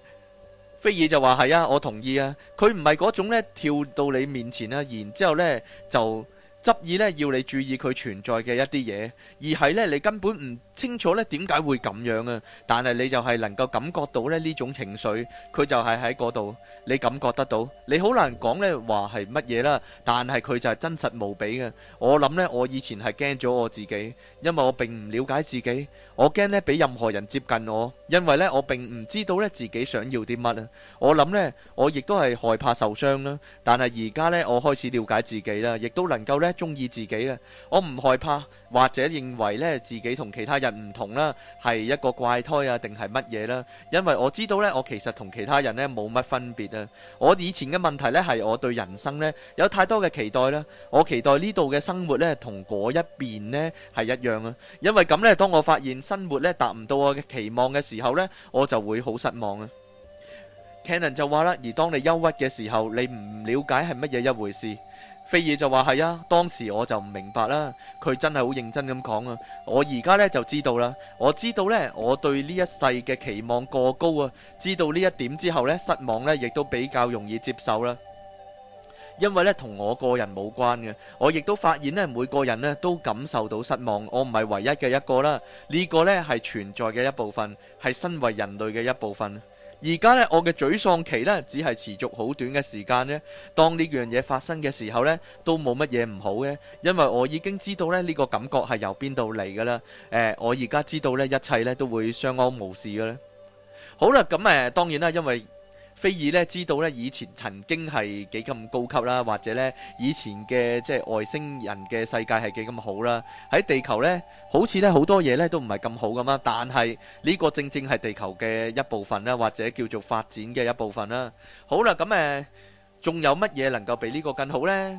菲爾就話係啊，我同意啊，佢唔係嗰種呢，跳到你面前啊，然之後呢就。執意咧要你注意佢存在嘅一啲嘢，而係咧你根本唔清楚咧點解會咁樣啊？但係你就係能夠感覺到咧呢種情緒，佢就係喺嗰度，你感覺得到。你好難講咧話係乜嘢啦，但係佢就係真實無比嘅。我諗咧，我以前係驚咗我自己，因為我並唔了解自己，我驚咧俾任何人接近我，因為咧我並唔知道咧自己想要啲乜啊。我諗咧，我亦都係害怕受傷啦。但係而家咧，我開始了解自己啦，亦都能夠咧鍾意自己啊。我唔害怕。或者認為呢自己同其他人唔同啦，係一個怪胎啊，定係乜嘢啦？因為我知道呢，我其實同其他人呢冇乜分別啊。我以前嘅問題呢，係我對人生呢有太多嘅期待啦。我期待呢度嘅生活呢同嗰一邊呢係一樣啊。因為咁呢，當我發現生活呢達唔到我嘅期望嘅時候呢，我就會好失望啊。Canon 就話啦：「而當你憂鬱嘅時候，你唔了解係乜嘢一回事。」菲爾就話係啊，當時我就唔明白啦，佢真係好認真咁講啊，我而家呢就知道啦，我知道呢，我對呢一世嘅期望過高啊，知道呢一點之後呢，失望呢亦都比較容易接受啦，因為呢，同我個人冇關嘅，我亦都發現呢，每個人呢都感受到失望，我唔係唯一嘅一個啦，呢個呢係存在嘅一部分，係身為人類嘅一部分。而家呢，我嘅沮喪期呢，只係持續好短嘅時間呢，當呢樣嘢發生嘅時候呢，都冇乜嘢唔好嘅，因為我已經知道咧呢個感覺係由邊度嚟噶啦。誒、呃，我而家知道呢，一切呢都會相安無事嘅咧。好啦，咁誒、呃，當然啦，因為。菲爾咧知道咧以前曾經係幾咁高級啦，或者咧以前嘅即係外星人嘅世界係幾咁好啦。喺地球咧，好似咧好多嘢咧都唔係咁好咁啊。但係呢個正正係地球嘅一部分啦，或者叫做發展嘅一部分啦。好啦，咁誒，仲有乜嘢能夠比呢個更好呢？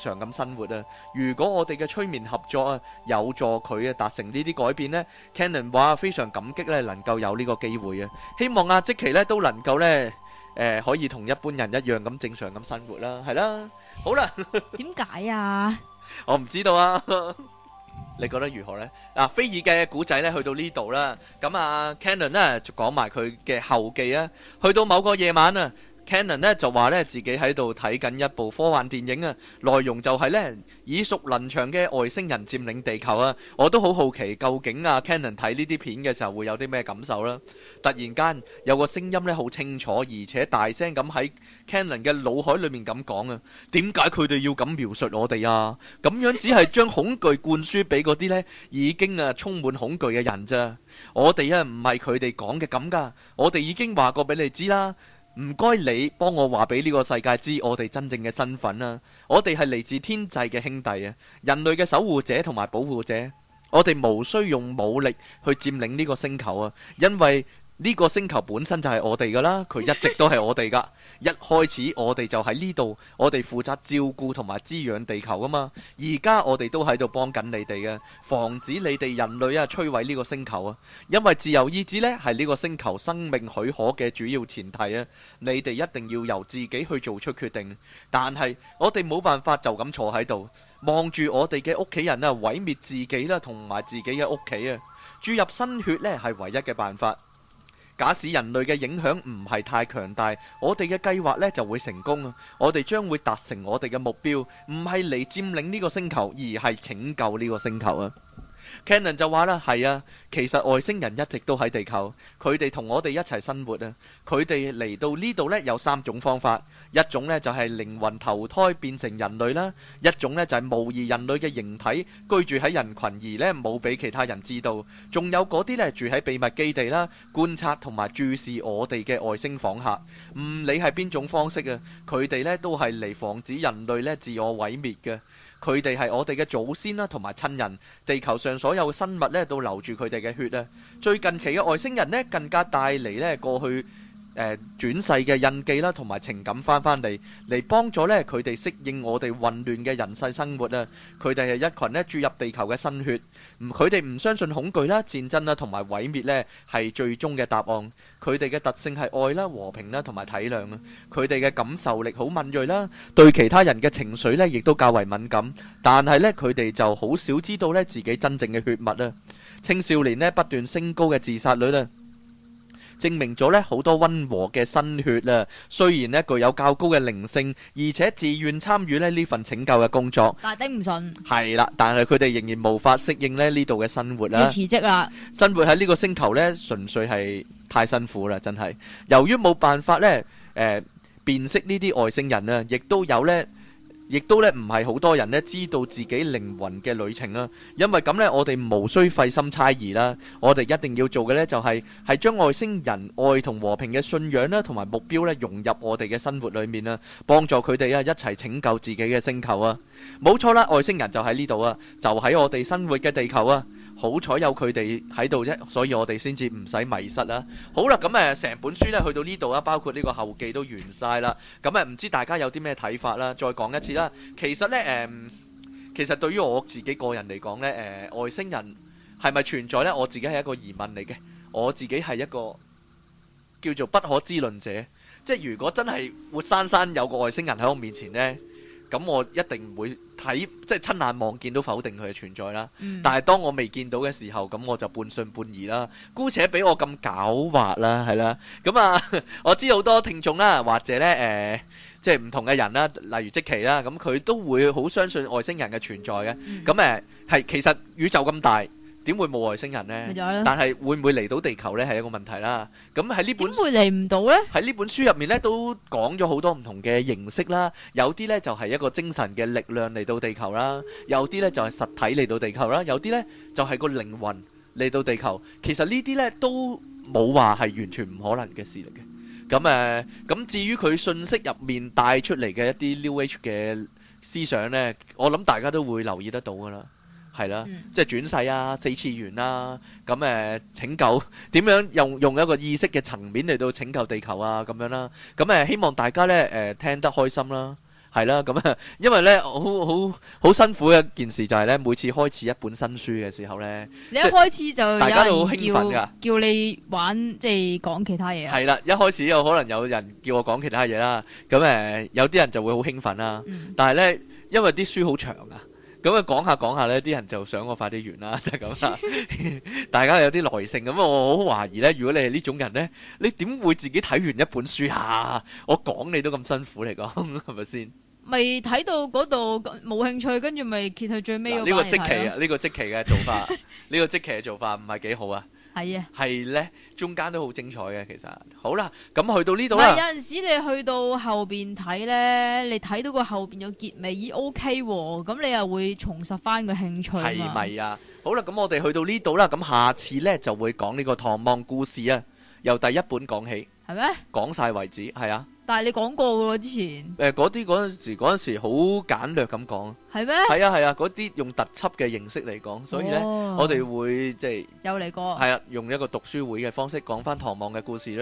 常咁生活啊！如果我哋嘅催眠合作啊，有助佢啊達成呢啲改變咧，Cannon 話非常感激咧，能夠有呢個機會啊！希望阿積奇咧都能夠咧誒，可以同一般人一樣咁正常咁生活啦，係啦。好啦，點解啊？我唔知道啊！你覺得如何咧？嗱，菲爾嘅古仔咧，去到呢度啦。咁啊，Cannon 咧就講埋佢嘅後記啊。去到某個夜晚啊。Canon 咧就話咧自己喺度睇緊一部科幻電影啊，內容就係咧耳熟能詳嘅外星人佔領地球啊！我都好好奇究竟啊 Canon 睇呢啲片嘅時候會有啲咩感受啦。突然間有個聲音咧好清楚而且大聲咁喺 Canon 嘅腦海裏面咁講啊，點解佢哋要咁描述我哋啊？咁樣只係將恐懼灌輸俾嗰啲咧已經啊充滿恐懼嘅人咋？我哋啊唔係佢哋講嘅咁噶，我哋已經話過俾你知啦。唔該，你幫我話俾呢個世界知，我哋真正嘅身份啊。我哋係嚟自天際嘅兄弟啊，人類嘅守護者同埋保護者。我哋無需用武力去佔領呢個星球啊，因為。呢個星球本身就係我哋噶啦，佢一直都係我哋噶。一開始我哋就喺呢度，我哋負責照顧同埋滋養地球噶嘛。而家我哋都喺度幫緊你哋嘅、啊，防止你哋人類啊摧毀呢個星球啊。因為自由意志呢係呢個星球生命許可嘅主要前提啊。你哋一定要由自己去做出決定，但係我哋冇辦法就咁坐喺度望住我哋嘅屋企人啊毀滅自己啦、啊，同埋自己嘅屋企啊。注入新血呢係唯一嘅辦法。假使人類嘅影響唔係太強大，我哋嘅計劃咧就會成功啊！我哋將會達成我哋嘅目標，唔係嚟佔領呢個星球，而係拯救呢個星球啊！Cannon 就話啦，係啊，其實外星人一直都喺地球，佢哋同我哋一齊生活啊。佢哋嚟到呢度呢，有三種方法，一種呢，就係靈魂投胎變成人類啦，一種呢，就係模擬人類嘅形體居住喺人群而呢，冇俾其他人知道，仲有嗰啲呢，住喺秘密基地啦，觀察同埋注視我哋嘅外星訪客。唔理係邊種方式啊，佢哋呢都係嚟防止人類呢自我毀滅嘅。佢哋係我哋嘅祖先啦，同埋親人，地球上。所有生物咧都流住佢哋嘅血啊！最近期嘅外星人咧更加帶嚟咧過去。誒，轉世嘅印記啦，同埋情感翻返嚟，嚟幫助咧佢哋適應我哋混亂嘅人世生活啊！佢哋係一群咧注入地球嘅新血，唔佢哋唔相信恐懼啦、戰爭啦同埋毀滅咧係最終嘅答案。佢哋嘅特性係愛啦、和平啦同埋體諒啊！佢哋嘅感受力好敏銳啦，對其他人嘅情緒咧亦都較為敏感，但係咧佢哋就好少知道咧自己真正嘅血脈啦。青少年咧不斷升高嘅自殺率啦。證明咗咧好多溫和嘅心血啦，雖然咧具有較高嘅靈性，而且自願參與咧呢份拯救嘅工作。但係頂唔順。係啦，但係佢哋仍然無法適應咧呢度嘅生活啦。要辭職啦！生活喺呢個星球咧，純粹係太辛苦啦，真係。由於冇辦法咧，誒、呃、辨識呢啲外星人啊，亦都有咧。亦都咧唔係好多人咧知道自己靈魂嘅旅程啊，因為咁呢，我哋無需費心猜疑啦，我哋一定要做嘅呢、就是，就係係將外星人愛同和，和平嘅信仰咧同埋目標呢，融入我哋嘅生活裏面啊，幫助佢哋啊一齊拯救自己嘅星球啊，冇錯啦，外星人就喺呢度啊，就喺我哋生活嘅地球啊。好彩有佢哋喺度啫，所以我哋先至唔使迷失啦。好啦，咁、嗯、誒，成本書呢去到呢度啦，包括呢個後記都完晒啦。咁、嗯、誒，唔知大家有啲咩睇法啦？再講一次啦，其實呢，誒、嗯，其實對於我自己個人嚟講呢，誒、呃，外星人係咪存在呢？我自己係一個疑問嚟嘅，我自己係一個叫做不可知論者，即係如果真係活生生有個外星人喺我面前呢。咁我一定唔會睇，即係親眼望見到否定佢嘅存在啦。但係當我未見到嘅時候，咁我就半信半疑啦。姑且俾我咁狡猾啦，係啦。咁啊， *laughs* 我知好多聽眾啦，或者咧誒、呃，即係唔同嘅人啦，例如積奇啦，咁佢都會好相信外星人嘅存在嘅。咁誒、啊，係其實宇宙咁大。點會冇外星人呢？ *music* 但係會唔會嚟到地球呢？係一個問題啦。咁喺呢本點會嚟唔到呢？喺呢本書入面呢，都講咗好多唔同嘅形式啦。有啲呢就係、是、一個精神嘅力量嚟到地球啦，有啲呢就係、是、實體嚟到地球啦，有啲呢就係、是、個靈魂嚟到地球。其實呢啲呢都冇話係完全唔可能嘅事嚟嘅。咁誒，咁、呃、至於佢信息入面帶出嚟嘅一啲 New Age 嘅思想呢，我諗大家都會留意得到噶啦。係啦，嗯、即係轉世啊，四次元啦、啊，咁誒拯救點樣用用一個意識嘅層面嚟到拯救地球啊咁樣啦、啊，咁、嗯、誒希望大家咧誒、呃、聽得開心啦、啊，係啦，咁、嗯、因為咧好好好辛苦嘅一件事就係咧每次開始一本新書嘅時候咧，你一開始就，就大家都好興奮噶，叫你玩即係講其他嘢啊，係啦，一開始有可能有人叫我講其他嘢啦，咁、嗯、誒有啲人就會好興奮啦、啊，但係咧因為啲書好長啊。嗯咁啊，講下講下咧，啲人就想我快啲完啦，就係咁啦。 *laughs* 大家有啲耐性咁啊，我好懷疑咧。如果你係呢種人咧，你點會自己睇完一本書嚇、啊？我講你都咁辛苦嚟講，係咪先？咪睇到嗰度冇興趣，跟住咪揭去最尾、啊。呢、這個積奇啊！呢了個積奇嘅做法，呢 *laughs* 個積奇嘅做法唔係幾好啊！係啊，係咧，中間都好精彩嘅，其實好啦，咁、嗯、去到呢度啦。唔係有陣時你去到後邊睇咧，你睇到個後邊有結尾，咦，OK，咁、啊、你又會重拾翻個興趣。係咪啊？好啦，咁、嗯、我哋去到呢度啦，咁、嗯、下次咧就會講呢個《唐望故事》啊，由第一本講起，係咩嗎？講晒為止，係啊。但係你講過嘅喎，之前誒嗰啲嗰陣時嗰陣時好簡略咁講，係咩嗎？係啊係啊，嗰啲、啊、用特輯嘅形式嚟講，哦、所以咧我哋會即係有嚟過，係啊，用一個讀書會嘅方式講翻《唐望》嘅故事咧，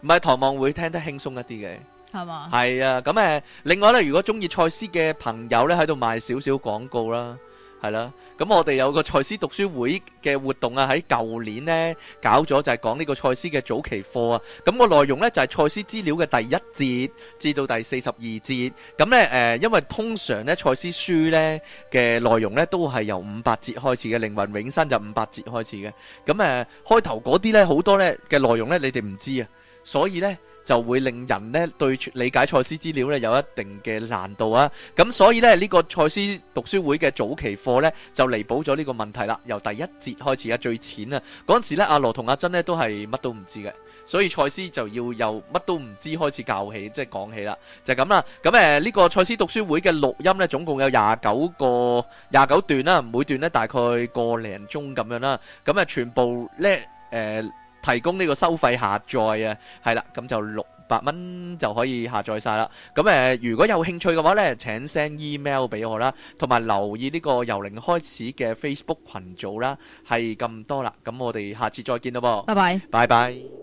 唔係《唐望》會聽得輕鬆一啲嘅，係嘛嗎？係啊，咁誒，另外咧，如果鍾意賽斯嘅朋友咧，喺度賣少少廣告啦。係啦，咁我哋有個賽斯讀書會嘅活動啊，喺舊年呢搞咗就係講呢個賽斯嘅早期課啊，咁、個內容呢，就係、是、賽斯資料嘅第一節至到第四十二節，咁呢，誒、呃，因為通常呢賽斯書呢嘅內容呢，都係由五百節開始嘅，靈魂永生就五百節開始嘅，咁誒開頭嗰啲呢，好多呢嘅內容呢，你哋唔知啊，所以呢。就會令人呢對理解賽斯資料呢有一定嘅難度啊！咁所以呢，呢個賽斯讀書會嘅早期課呢，就彌補咗呢個問題啦。由第一節開始啊，最淺啊，嗰陣時呢阿羅同阿珍呢都係乜都唔知嘅，所以賽斯就要由乜都唔知開始教起，即係講起啦，就係咁啦。咁誒呢個賽斯讀書會嘅錄音呢，總共有廿九個廿九段啦，每段呢大概個零鐘咁樣啦，咁啊全部呢誒，呃提供呢個收費下載啊，係啦，咁就六百蚊就可以下載晒啦。咁誒、呃，如果有興趣嘅話呢，請 send email 俾我啦，同埋留意呢個由零開始嘅 Facebook 群組啦，係咁多啦。咁我哋下次再見咯噃，拜拜，拜拜。